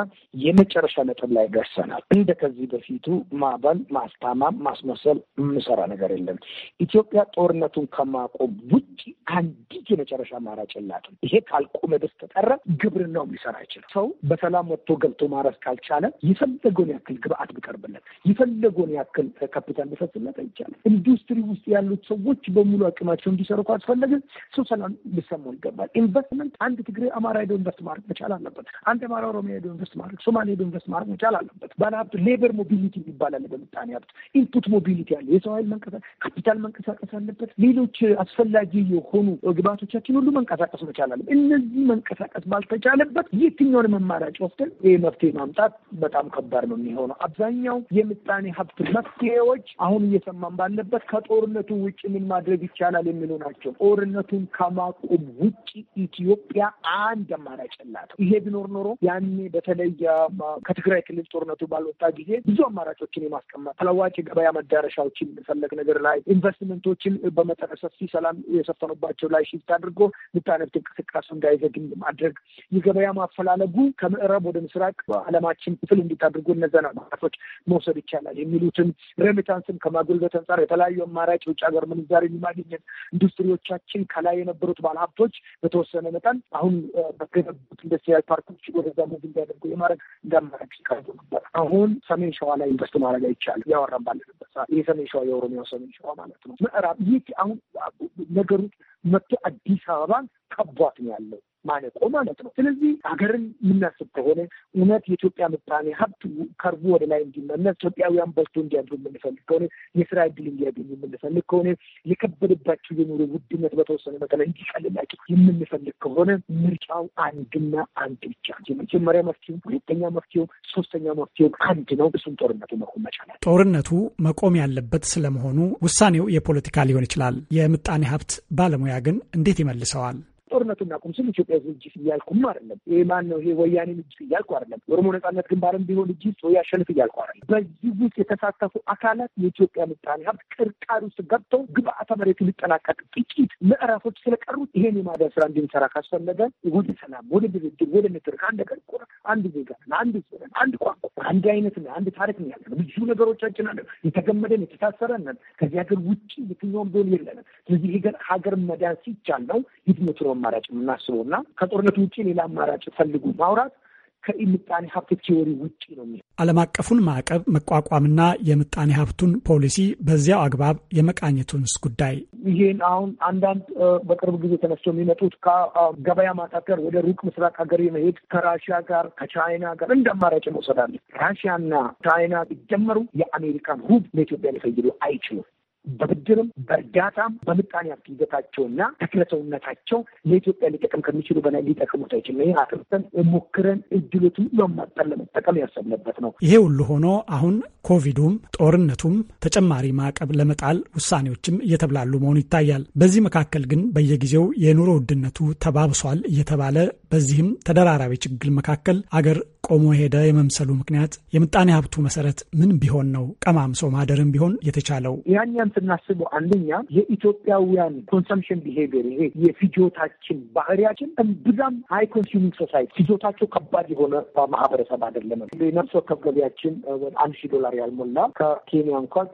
የመጨረሻ ነጥብ ላይ ደርሰናል። እንደ ከዚህ በፊቱ ማባል ማስታማም፣ ማስመሰል የምሰራ ነገር የለም። ኢትዮጵያ ጦርነቱን ከማቆም ውጭ አንዲት የመጨረሻ አማራጭ የላትም። ይሄ ካልቆመ በስተቀር ግብርናው ሊሰራ አይችልም። ሰው በሰላም ወጥቶ ገብቶ ማረስ ካልቻለ የፈለገውን ያክል ግብአት ቢቀርብለት፣ የፈለገውን ያክል ካፒታል ሊፈስለት አይቻልም። ኢንዱስትሪ ውስጥ ያሉት ሰዎች በሙሉ አቅማቸው እንዲሰሩ ካስፈለገ ሰው ሰላም ሊሰማ መሆን ይገባል። ኢንቨስትመንት አንድ ትግሬ አማራ ሄዶ ኢንቨስት ማድረግ መቻል አለበት። አንድ አማራ ኦሮሚያ ሄዶ ኢንቨስት ማድረግ፣ ሶማሌ ሄዶ ኢንቨስት ማድረግ መቻል አለበት። ባለሀብት ሌበር ሞቢሊቲ ይባላል። በምጣኔ ሀብት ኢንፑት ሞቢሊቲ አለ። የሰው ኃይል መንቀሳቀስ፣ ካፒታል መንቀሳቀስ አለበት። ሌሎች አስፈላጊ የሆኑ ግብዓቶቻችን ሁሉ መንቀሳቀስ መቻል አለበት። እነዚህ መንቀሳቀስ ባልተቻለበት የትኛውን መማራጭ ወስደን ይህ መፍትሄ ማምጣት በጣም ከባድ ነው የሚሆነው። አብዛኛው የምጣኔ ሀብት መፍትሄዎች አሁን እየሰማን ባለበት ከጦርነቱ ውጭ ምን ማድረግ ይቻላል የሚሉ ናቸው። ጦርነቱን ከማቆም ውጭ ኢትዮጵያ አንድ አማራጭ የላትም። ይሄ ቢኖር ኖሮ ያኔ በተለይ ከትግራይ ክልል ጦርነቱ ባልወጣ ጊዜ ብዙ አማራጮችን የማስቀመጥ ተለዋጭ ገበያ መዳረሻዎችን የሚፈለግ ነገር ላይ ኢንቨስትመንቶችን በመጠነ ሰፊ ሰላም የሰፈኑባቸው ላይ ሽፍት አድርጎ ምጣኔ ሀብት እንቅስቃሴ እንዳይዘግም ማድረግ የገበያ ማፈላለጉ ከምዕራብ ወደ ምስራቅ አለማችን ክፍል እንዲታድርጉ እነዛን አማራጮች መውሰድ ይቻላል የሚሉትን ሬሚታንስን ከማጎልበት አንጻር የተለያዩ አማራጭ የውጭ ሀገር ምንዛሬ የሚማግኘት ኢንዱስትሪዎቻችን ከላይ የነበሩት ባለሀብ ሀብቶች በተወሰነ መጠን አሁን በገነቡት ኢንዱስትሪያል ፓርኮች ወደዛ ሙቭ እንዲያደርጉ የማድረግ እንዳማራጭ ሲቀርቡ ነበር። አሁን ሰሜን ሸዋ ላይ ኢንቨስት ማድረግ አይቻልም። እያወራን ባለንበት ሰዓት ይህ ሰሜን ሸዋ የኦሮሚያው ሰሜን ሸዋ ማለት ነው። ምዕራብ ይህ አሁን ነገሩ መጥቶ አዲስ አበባን ከቧት ነው ያለው ማነቆ ማለት ነው። ስለዚህ ሀገርን የምናስብ ከሆነ እውነት የኢትዮጵያ ምጣኔ ሀብት ከርቡ ወደ ላይ እንዲመለስ ኢትዮጵያውያን በልቶ እንዲያድሩ የምንፈልግ ከሆነ የስራ እድል እንዲያገኙ የምንፈልግ ከሆነ የከበደባቸው የኑሮ ውድነት በተወሰነ መጠን እንዲቀልላቸው የምንፈልግ ከሆነ ምርጫው አንድና አንድ ብቻ የመጀመሪያ መፍትሄውም ሁለተኛ መፍትሄውም ሶስተኛ መፍትሄውም አንድ ነው። እሱም ጦርነቱ መቆም መቻላል። ጦርነቱ መቆም ያለበት ስለመሆኑ ውሳኔው የፖለቲካ ሊሆን ይችላል። የምጣኔ ሀብት ባለሙያ ግን እንዴት ይመልሰዋል? ጦርነቱን እናቁም ስል ኢትዮጵያ ህዝብ እጅ እያልኩም አይደለም። ይሄ ማን ነው ይሄ ወያኔን እጅ እያልኩ አይደለም። የኦሮሞ ነጻነት ግንባርም ቢሆን እጅ ይስጥ ወይ አሸንፍ እያልኩ አይደለም። በዚህ ውስጥ የተሳተፉ አካላት የኢትዮጵያ ምጣኔ ሀብት ቅርቃሪ ውስጥ ገብተው ግብአተ መሬቱ ሊጠናቀቅ ጥቂት ምዕራፎች ስለቀሩት ይሄን የማዳን ስራ እንድንሰራ ካስፈለገ ወደ ሰላም፣ ወደ ድርድር፣ ወደ ንትርክ አንድ ሀገር እኮ አንድ ዜጋ ነን፣ አንድ ሕዝብ አንድ ቋንቋ፣ አንድ አይነት ነን፣ አንድ ታሪክ ነው ያለ ብዙ ነገሮቻችን አለ የተገመደን የተሳሰረን ነን። ከዚህ ሀገር ውጭ የትኛውም ቢሆን የለንም። ስለዚህ ሀገር መዳን ሲቻል ነው ሂድ አማራጭ የምናስበው እና ከጦርነቱ ውጭ ሌላ አማራጭ ፈልጉ ማውራት ከምጣኔ ሀብት ቲዎሪ ውጭ ነው። ዓለም አቀፉን ማዕቀብ መቋቋምና የምጣኔ ሀብቱን ፖሊሲ በዚያው አግባብ የመቃኘቱንስ ጉዳይ ይሄን አሁን አንዳንድ በቅርብ ጊዜ ተነስቶ የሚመጡት ከገበያ ማጣከር ወደ ሩቅ ምስራቅ ሀገር የመሄድ ከራሽያ ጋር ከቻይና ጋር እንደ አማራጭ መውሰዳለ ራሽያና ቻይና ቢጀመሩ የአሜሪካን ሁብ ለኢትዮጵያ ሊፈይዱ አይችሉም። በብድርም በእርዳታም በምጣኔ ሀብት ይዘታቸውና ተክለሰውነታቸው ለኢትዮጵያ ሊጠቅም ከሚችሉ በላይ ሊጠቅሙት አይችልም። ይህ አቅርተን ሞክረን እድሎት ሁሉም ለመጠቀም ያሰብንበት ነው። ይሄ ሁሉ ሆኖ አሁን ኮቪዱም ጦርነቱም ተጨማሪ ማዕቀብ ለመጣል ውሳኔዎችም እየተብላሉ መሆኑ ይታያል። በዚህ መካከል ግን በየጊዜው የኑሮ ውድነቱ ተባብሷል እየተባለ በዚህም ተደራራቢ ችግር መካከል አገር ቆሞ ሄደ የመምሰሉ ምክንያት የምጣኔ ሀብቱ መሰረት ምን ቢሆን ነው ቀማምሶ ማደርም ቢሆን የተቻለው? ያን ስናስበው አንደኛ የኢትዮጵያውያን ኮንሰምሽን ቢሄቪየር ይሄ የፊጆታችን ባህሪያችን እምብዛም ሀይ ኮንሱሚንግ ሶሳይቲ ፊጆታቸው ከባድ የሆነ ማህበረሰብ አይደለም። ነፍስ ወከፍ ገቢያችን አንድ ሺህ ዶላር ያልሞላ ከኬንያ እንኳን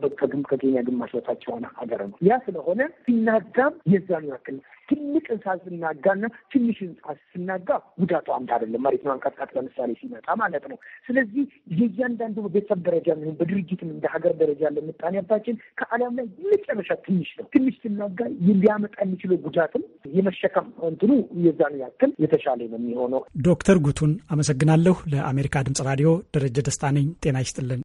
ከኬንያ ግማሽ በታች የሆነ ሀገር ነው። ያ ስለሆነ ሲናጋም የዛኑ ያክል ትልቅ እንስሳት ስናጋና ትንሽ ህንፃ ስናጋ ጉዳቱ አንድ አይደለም። መሬት ማንቀጥቀጥ ለምሳሌ ሲመጣ ማለት ነው። ስለዚህ የእያንዳንዱ በቤተሰብ ደረጃ ሚሆን በድርጅትም እንደ ሀገር ደረጃ ለምጣኔ ምጣኔያችን ከዓለም ላይ መጨረሻ ትንሽ ነው። ትንሽ ስናጋ ሊያመጣ የሚችለው ጉዳትም የመሸከም እንትኑ የዛን ያክል የተሻለ ነው የሚሆነው። ዶክተር ጉቱን አመሰግናለሁ። ለአሜሪካ ድምጽ ራዲዮ ደረጀ ደስታ ነኝ። ጤና ይስጥልን።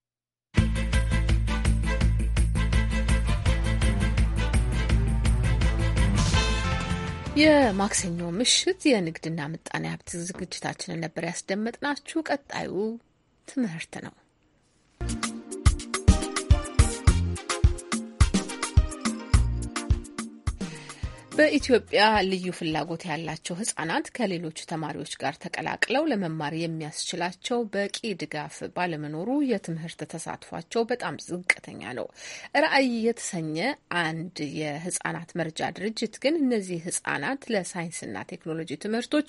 የማክሰኞ ምሽት የንግድና ምጣኔ ሀብት ዝግጅታችንን ነበር ያስደመጥናችሁ። ቀጣዩ ትምህርት ነው። በኢትዮጵያ ልዩ ፍላጎት ያላቸው ህጻናት ከሌሎች ተማሪዎች ጋር ተቀላቅለው ለመማር የሚያስችላቸው በቂ ድጋፍ ባለመኖሩ የትምህርት ተሳትፏቸው በጣም ዝቅተኛ ነው። ራዕይ የተሰኘ አንድ የህጻናት መርጃ ድርጅት ግን እነዚህ ህጻናት ለሳይንስና ቴክኖሎጂ ትምህርቶች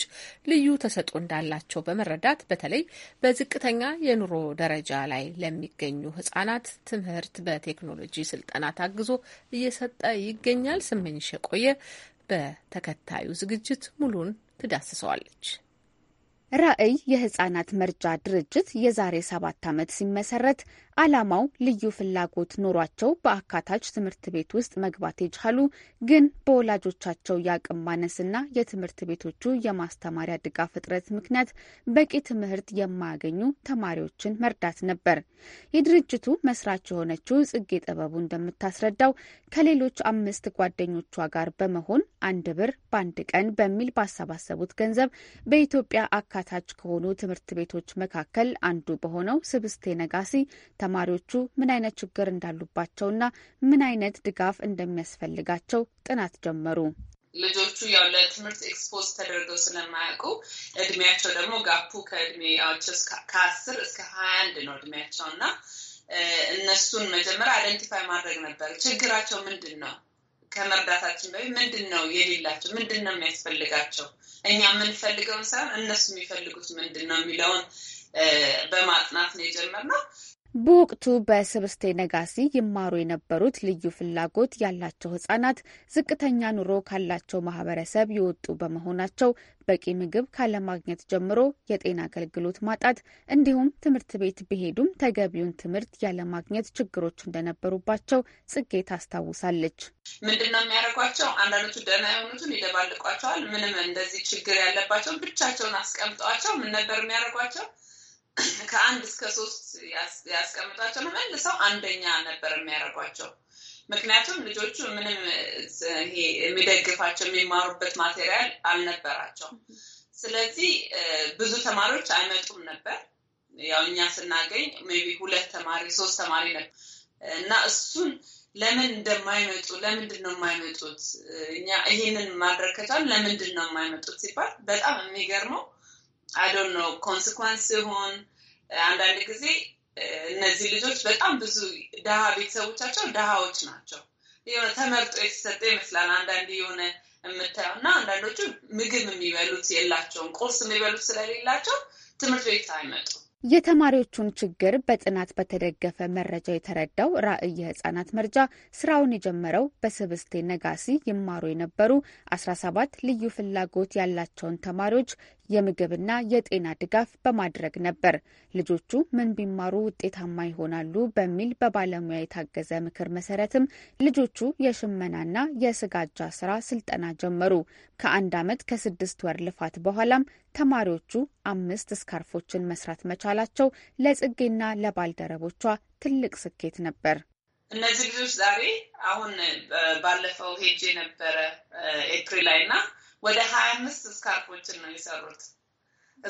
ልዩ ተሰጥኦ እንዳላቸው በመረዳት በተለይ በዝቅተኛ የኑሮ ደረጃ ላይ ለሚገኙ ህጻናት ትምህርት በቴክኖሎጂ ስልጠና ታግዞ እየሰጠ ይገኛል። ስመኝሽ የቆየ በተከታዩ ዝግጅት ሙሉን ትዳስሰዋለች። ራዕይ የህጻናት መርጃ ድርጅት የዛሬ ሰባት ዓመት ሲመሰረት ዓላማው ልዩ ፍላጎት ኖሯቸው በአካታች ትምህርት ቤት ውስጥ መግባት የቻሉ ግን በወላጆቻቸው የአቅም ማነስና የትምህርት ቤቶቹ የማስተማሪያ ድጋፍ እጥረት ምክንያት በቂ ትምህርት የማያገኙ ተማሪዎችን መርዳት ነበር። የድርጅቱ መስራች የሆነችው ጽጌ ጥበቡ እንደምታስረዳው ከሌሎች አምስት ጓደኞቿ ጋር በመሆን አንድ ብር በአንድ ቀን በሚል ባሰባሰቡት ገንዘብ በኢትዮጵያ አካታች ከሆኑ ትምህርት ቤቶች መካከል አንዱ በሆነው ስብስቴ ነጋሲ ተማሪዎቹ ምን አይነት ችግር እንዳሉባቸውና ምን አይነት ድጋፍ እንደሚያስፈልጋቸው ጥናት ጀመሩ። ልጆቹ ያው ለትምህርት ኤክስፖዝ ተደርገው ስለማያውቁ እድሜያቸው ደግሞ ጋፑ ከእድሜያቸው ከአስር እስከ ሀያ አንድ ነው እድሜያቸው እና እነሱን መጀመሪያ አይደንቲፋይ ማድረግ ነበር። ችግራቸው ምንድን ነው? ከመርዳታችን በፊት ምንድን ነው የሌላቸው? ምንድን ነው የሚያስፈልጋቸው? እኛ የምንፈልገውን ሳይሆን እነሱ የሚፈልጉት ምንድን ነው የሚለውን በማጥናት ነው የጀመርነው። በወቅቱ በስብስቴ ነጋሲ ይማሩ የነበሩት ልዩ ፍላጎት ያላቸው ህጻናት ዝቅተኛ ኑሮ ካላቸው ማህበረሰብ የወጡ በመሆናቸው በቂ ምግብ ካለማግኘት ጀምሮ የጤና አገልግሎት ማጣት እንዲሁም ትምህርት ቤት ቢሄዱም ተገቢውን ትምህርት ያለማግኘት ችግሮች እንደነበሩባቸው ጽጌ ታስታውሳለች። ምንድን ነው የሚያደርጓቸው? አንዳንዶቹ ደህና የሆኑትን ይደባልቋቸዋል። ምንም እንደዚህ ችግር ያለባቸው ብቻቸውን አስቀምጠዋቸው ምን ነበር የሚያደርጓቸው? ከአንድ እስከ ሶስት ያስቀምጧቸው መልሰው አንደኛ ነበር የሚያደርጓቸው። ምክንያቱም ልጆቹ ምንም የሚደግፋቸው የሚማሩበት ማቴሪያል አልነበራቸውም። ስለዚህ ብዙ ተማሪዎች አይመጡም ነበር። ያው እኛ ስናገኝ ሜይ ቢ ሁለት ተማሪ ሶስት ተማሪ ነበር እና እሱን ለምን እንደማይመጡ ለምንድን ነው የማይመጡት፣ እኛ ይሄንን ማድረግ ከቻሉ ለምንድን ነው የማይመጡት ሲባል በጣም የሚገርመው አይዶን ነው ኮንስኳንስ ሲሆን አንዳንድ ጊዜ እነዚህ ልጆች በጣም ብዙ ድሃ ቤተሰቦቻቸው ድሃዎች ናቸው። የሆነ ተመርጦ የተሰጠ ይመስላል አንዳንድ የሆነ የምታየው እና አንዳንዶቹ ምግብ የሚበሉት የላቸውም። ቁርስ የሚበሉት ስለሌላቸው ትምህርት ቤት አይመጡ። የተማሪዎቹን ችግር በጥናት በተደገፈ መረጃ የተረዳው ራዕይ የህጻናት መርጃ ስራውን የጀመረው በስብስቴ ነጋሲ ይማሩ የነበሩ 17 ልዩ ፍላጎት ያላቸውን ተማሪዎች የምግብና የጤና ድጋፍ በማድረግ ነበር። ልጆቹ ምን ቢማሩ ውጤታማ ይሆናሉ በሚል በባለሙያ የታገዘ ምክር መሰረትም ልጆቹ የሽመናና የስጋጃ ስራ ስልጠና ጀመሩ። ከአንድ ዓመት ከስድስት ወር ልፋት በኋላም ተማሪዎቹ አምስት ስካርፎችን መስራት መቻላቸው ለጽጌና ለባልደረቦቿ ትልቅ ስኬት ነበር። እነዚህ ልጆች ዛሬ አሁን ባለፈው ሄጄ የነበረ ኤፕሪል ላይ እና ወደ ሀያ አምስት ስካርፎችን ነው የሰሩት።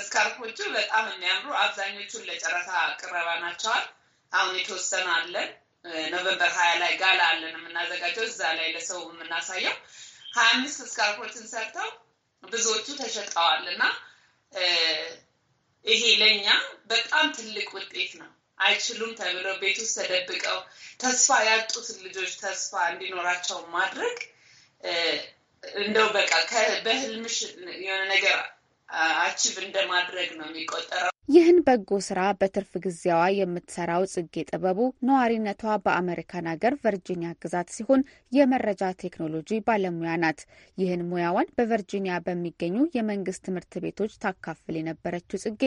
ስካርፎቹ በጣም የሚያምሩ አብዛኞቹን ለጨረታ ቅረባ ናቸዋል። አሁን የተወሰነ አለን። ኖቨምበር ሀያ ላይ ጋላ አለን የምናዘጋጀው እዛ ላይ ለሰው የምናሳየው ሀያ አምስት ስካርፎችን ሰርተው ብዙዎቹ ተሸጠዋል እና ይሄ ለእኛ በጣም ትልቅ ውጤት ነው። አይችሉም ተብለው ቤት ውስጥ ተደብቀው ተስፋ ያጡትን ልጆች ተስፋ እንዲኖራቸው ማድረግ እንደው በቃ በህልምሽ የሆነ ነገር አቺቭ እንደማድረግ ነው የሚቆጠረው ይህን በጎ ስራ በትርፍ ጊዜዋ የምትሰራው ጽጌ ጥበቡ ነዋሪነቷ በአሜሪካን ሀገር ቨርጂኒያ ግዛት ሲሆን የመረጃ ቴክኖሎጂ ባለሙያ ናት። ይህን ሙያዋን በቨርጂኒያ በሚገኙ የመንግስት ትምህርት ቤቶች ታካፍል የነበረችው ጽጌ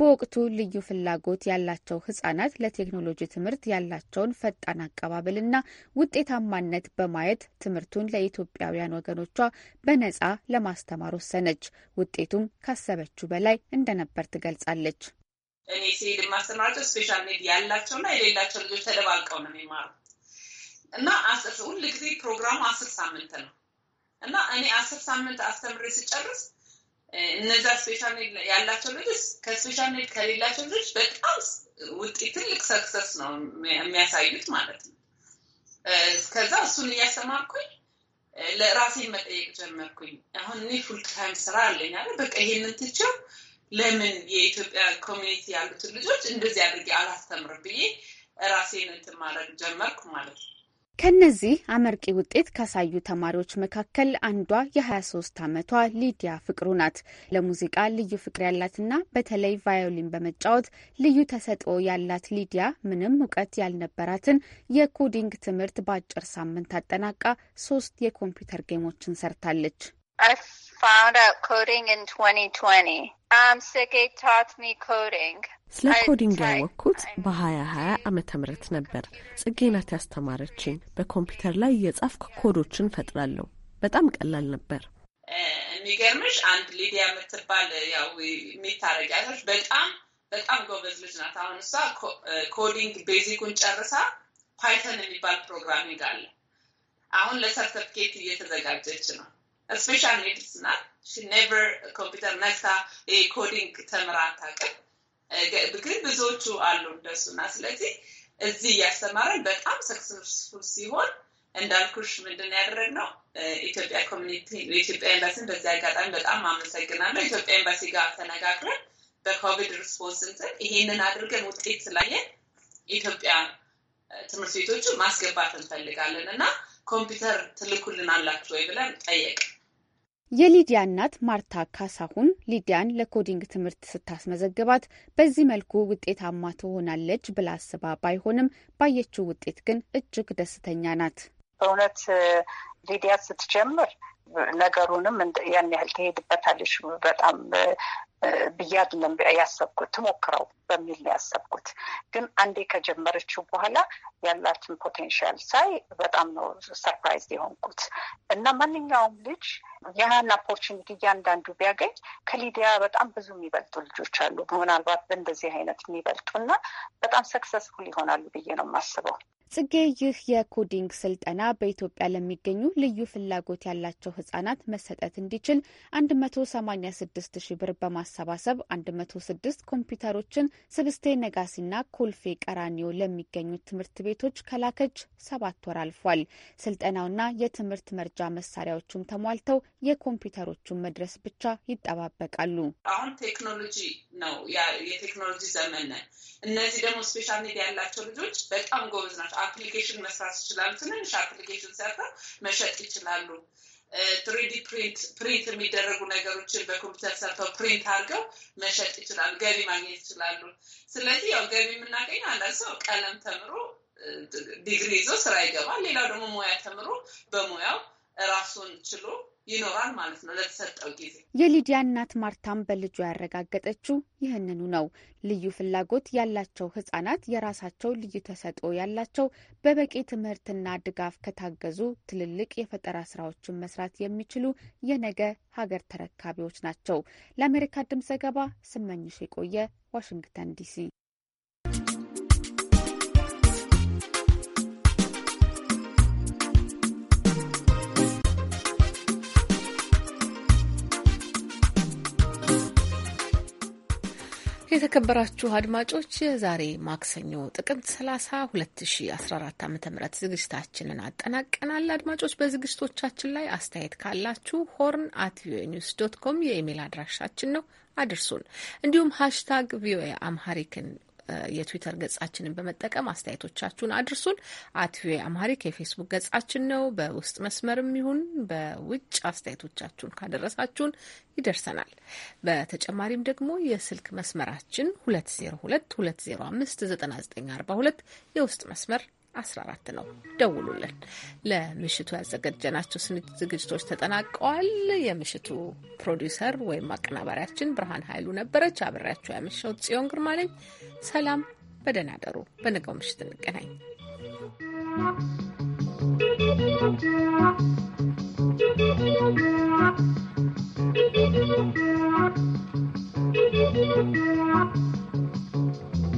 በወቅቱ ልዩ ፍላጎት ያላቸው ህጻናት ለቴክኖሎጂ ትምህርት ያላቸውን ፈጣን አቀባበልና ውጤታማነት በማየት ትምህርቱን ለኢትዮጵያውያን ወገኖቿ በነጻ ለማስተማር ወሰነች። ውጤቱም ካሰበችው በላይ እንደነበር ትገልጻለች። እኔ ሲሄድ የማስተምራቸው ስፔሻል ኔድ ያላቸው እና የሌላቸው ልጆች ተደባልቀው ነው የሚማሩ እና ሁል ጊዜ ፕሮግራሙ አስር ሳምንት ነው እና እኔ አስር ሳምንት አስተምሬ ስጨርስ እነዛ ስፔሻል ኔድ ያላቸው ልጆች ከስፔሻል ኔድ ከሌላቸው ልጆች በጣም ውጤት ትልቅ ሰክሰስ ነው የሚያሳዩት ማለት ነው። ከዛ እሱን እያስተማርኩኝ ለራሴን መጠየቅ ጀመርኩኝ። አሁን እኔ ፉልታይም ስራ አለኝ አለ በቃ ይሄንን ትቼው ለምን የኢትዮጵያ ኮሚኒቲ ያሉትን ልጆች እንደዚህ አድርጌ አላስተምር ብዬ ራሴን እንትን ማድረግ ጀመርኩ ማለት ነው። ከነዚህ አመርቂ ውጤት ካሳዩ ተማሪዎች መካከል አንዷ የ23 ዓመቷ ሊዲያ ፍቅሩ ናት። ለሙዚቃ ልዩ ፍቅር ያላትና በተለይ ቫዮሊን በመጫወት ልዩ ተሰጥኦ ያላት ሊዲያ ምንም እውቀት ያልነበራትን የኮዲንግ ትምህርት በአጭር ሳምንት አጠናቃ ሶስት የኮምፒውተር ጌሞችን ሰርታለች። Um, ስለ ኮዲንግ ያወቅኩት በ2020 ዓመተ ምህረት ነበር። ጽጌ ናት ያስተማረችኝ። በኮምፒውተር ላይ የጻፍኩ ኮዶችን ፈጥራለሁ። በጣም ቀላል ነበር። የሚገርምሽ አንድ ሊዲያ የምትባል ያው የሚታረጊያለች በጣም በጣም ጎበዝ ልጅ ናት። አሁን እሷ ኮዲንግ ቤዚኩን ጨርሳ ፓይተን የሚባል ፕሮግራሚንግ አለ። አሁን ለሰርተፍኬት እየተዘጋጀች ነው። ስፔሻል ሜድስ ናት። ኔቨር ኮምፒውተር ነክታ ኮዲንግ ተምራ አታውቅም። ግን ብዙዎቹ አሉ እንደሱ እና ስለዚህ እዚህ እያስተማረን በጣም ሰክሰስፉል ሲሆን እንዳልኩሽ ምንድን ነው ኢትዮጵያ ኮሚኒቲ ኢትዮጵያ ኤምባሲን በዚህ አጋጣሚ በጣም አመሰግናለሁ። ኢትዮጵያ ኤምባሲ ጋር ተነጋግረን በኮቪድ ሪስፖንስ እንትን ይሄንን አድርገን ውጤት ስላየን ኢትዮጵያ ትምህርት ቤቶቹ ማስገባት እንፈልጋለን እና ኮምፒውተር ትልኩልን አላችሁ ወይ ብለን ጠየቅ የሊዲያ እናት ማርታ ካሳሁን ሊዲያን ለኮዲንግ ትምህርት ስታስመዘግባት በዚህ መልኩ ውጤታማ ትሆናለች ብላ አስባ ባይሆንም ባየችው ውጤት ግን እጅግ ደስተኛ ናት። በእውነት ሊዲያ ስትጀምር ነገሩንም ያን ያህል ትሄድበታለች። በጣም ብዬ አይደለም ያሰብኩት ትሞክረው በሚል ነው ያሰብኩት። ግን አንዴ ከጀመረችው በኋላ ያላትን ፖቴንሻል ሳይ በጣም ነው ሰርፕራይዝ የሆንኩት እና ማንኛውም ልጅ ያህን ኦፖርቹኒቲ እያንዳንዱ ቢያገኝ ከሊዲያ በጣም ብዙ የሚበልጡ ልጆች አሉ። ምናልባት በእንደዚህ አይነት የሚበልጡ እና በጣም ሰክሰስፉል ይሆናሉ ብዬ ነው የማስበው። ጽጌ ይህ የኮዲንግ ስልጠና በኢትዮጵያ ለሚገኙ ልዩ ፍላጎት ያላቸው ህጻናት መሰጠት እንዲችል 186 ሺ ብር በማሰባሰብ 106 ኮምፒውተሮችን ስብስቴ ነጋሲና ኮልፌ ቀራኒዮ ለሚገኙ ትምህርት ቤቶች ከላከች ሰባት ወር አልፏል። ስልጠናውና የትምህርት መርጃ መሳሪያዎቹም ተሟልተው የኮምፒውተሮቹን መድረስ ብቻ ይጠባበቃሉ። አሁን ቴክኖሎጂ ነው፣ የቴክኖሎጂ ዘመን ነን። እነዚህ ደግሞ ስፔሻል ኒድ ያላቸው ልጆች በጣም ጎበዝ ናቸው። አፕሊኬሽን መስራት ይችላሉ። ትንንሽ አፕሊኬሽን ሰርተው መሸጥ ይችላሉ። ትሪዲ ፕሪንት ፕሪንት የሚደረጉ ነገሮችን በኮምፒውተር ሰርተው ፕሪንት አድርገው መሸጥ ይችላሉ። ገቢ ማግኘት ይችላሉ። ስለዚህ ያው ገቢ የምናገኘው አንዳንድ ሰው ቀለም ተምሮ ዲግሪ ይዞ ስራ ይገባል። ሌላው ደግሞ ሙያ ተምሮ በሙያው ራሱን ችሎ ይኖራል ማለት ነው ለተሰጠው ጊዜ። የሊዲያ እናት ማርታም በልጇ ያረጋገጠችው ይህንኑ ነው። ልዩ ፍላጎት ያላቸው ህጻናት የራሳቸው ልዩ ተሰጥኦ ያላቸው በበቂ ትምህርትና ድጋፍ ከታገዙ ትልልቅ የፈጠራ ስራዎችን መስራት የሚችሉ የነገ ሀገር ተረካቢዎች ናቸው። ለአሜሪካ ድምፅ ዘገባ ስመኝሽ የቆየ ዋሽንግተን ዲሲ። የተከበራችሁ አድማጮች የዛሬ ማክሰኞ ጥቅምት 30 2014 ዓ ም ዝግጅታችንን አጠናቀናል። አድማጮች በዝግጅቶቻችን ላይ አስተያየት ካላችሁ ሆርን አት ቪኦኤ ኒውስ ዶት ኮም የኢሜይል አድራሻችን ነው፣ አድርሱን። እንዲሁም ሃሽታግ ቪኦኤ አምሃሪክን የትዊተር ገጻችንን በመጠቀም አስተያየቶቻችሁን አድርሱን። አት ቪኦኤ አማሪክ የፌስቡክ ገጻችን ነው። በውስጥ መስመርም ይሁን በውጭ አስተያየቶቻችሁን ካደረሳችሁን ይደርሰናል። በተጨማሪም ደግሞ የስልክ መስመራችን 202 205 9942 የውስጥ መስመር 14 ነው። ደውሉልን። ለምሽቱ ያዘጋጀናቸው ዝግጅቶች ተጠናቀዋል። የምሽቱ ፕሮዲውሰር ወይም አቀናባሪያችን ብርሃን ኃይሉ ነበረች። አብሬያቸው ያመሸው ጽዮን ግርማ ነኝ። ሰላም፣ በደህና ደሩ። በነገው ምሽት እንገናኝ።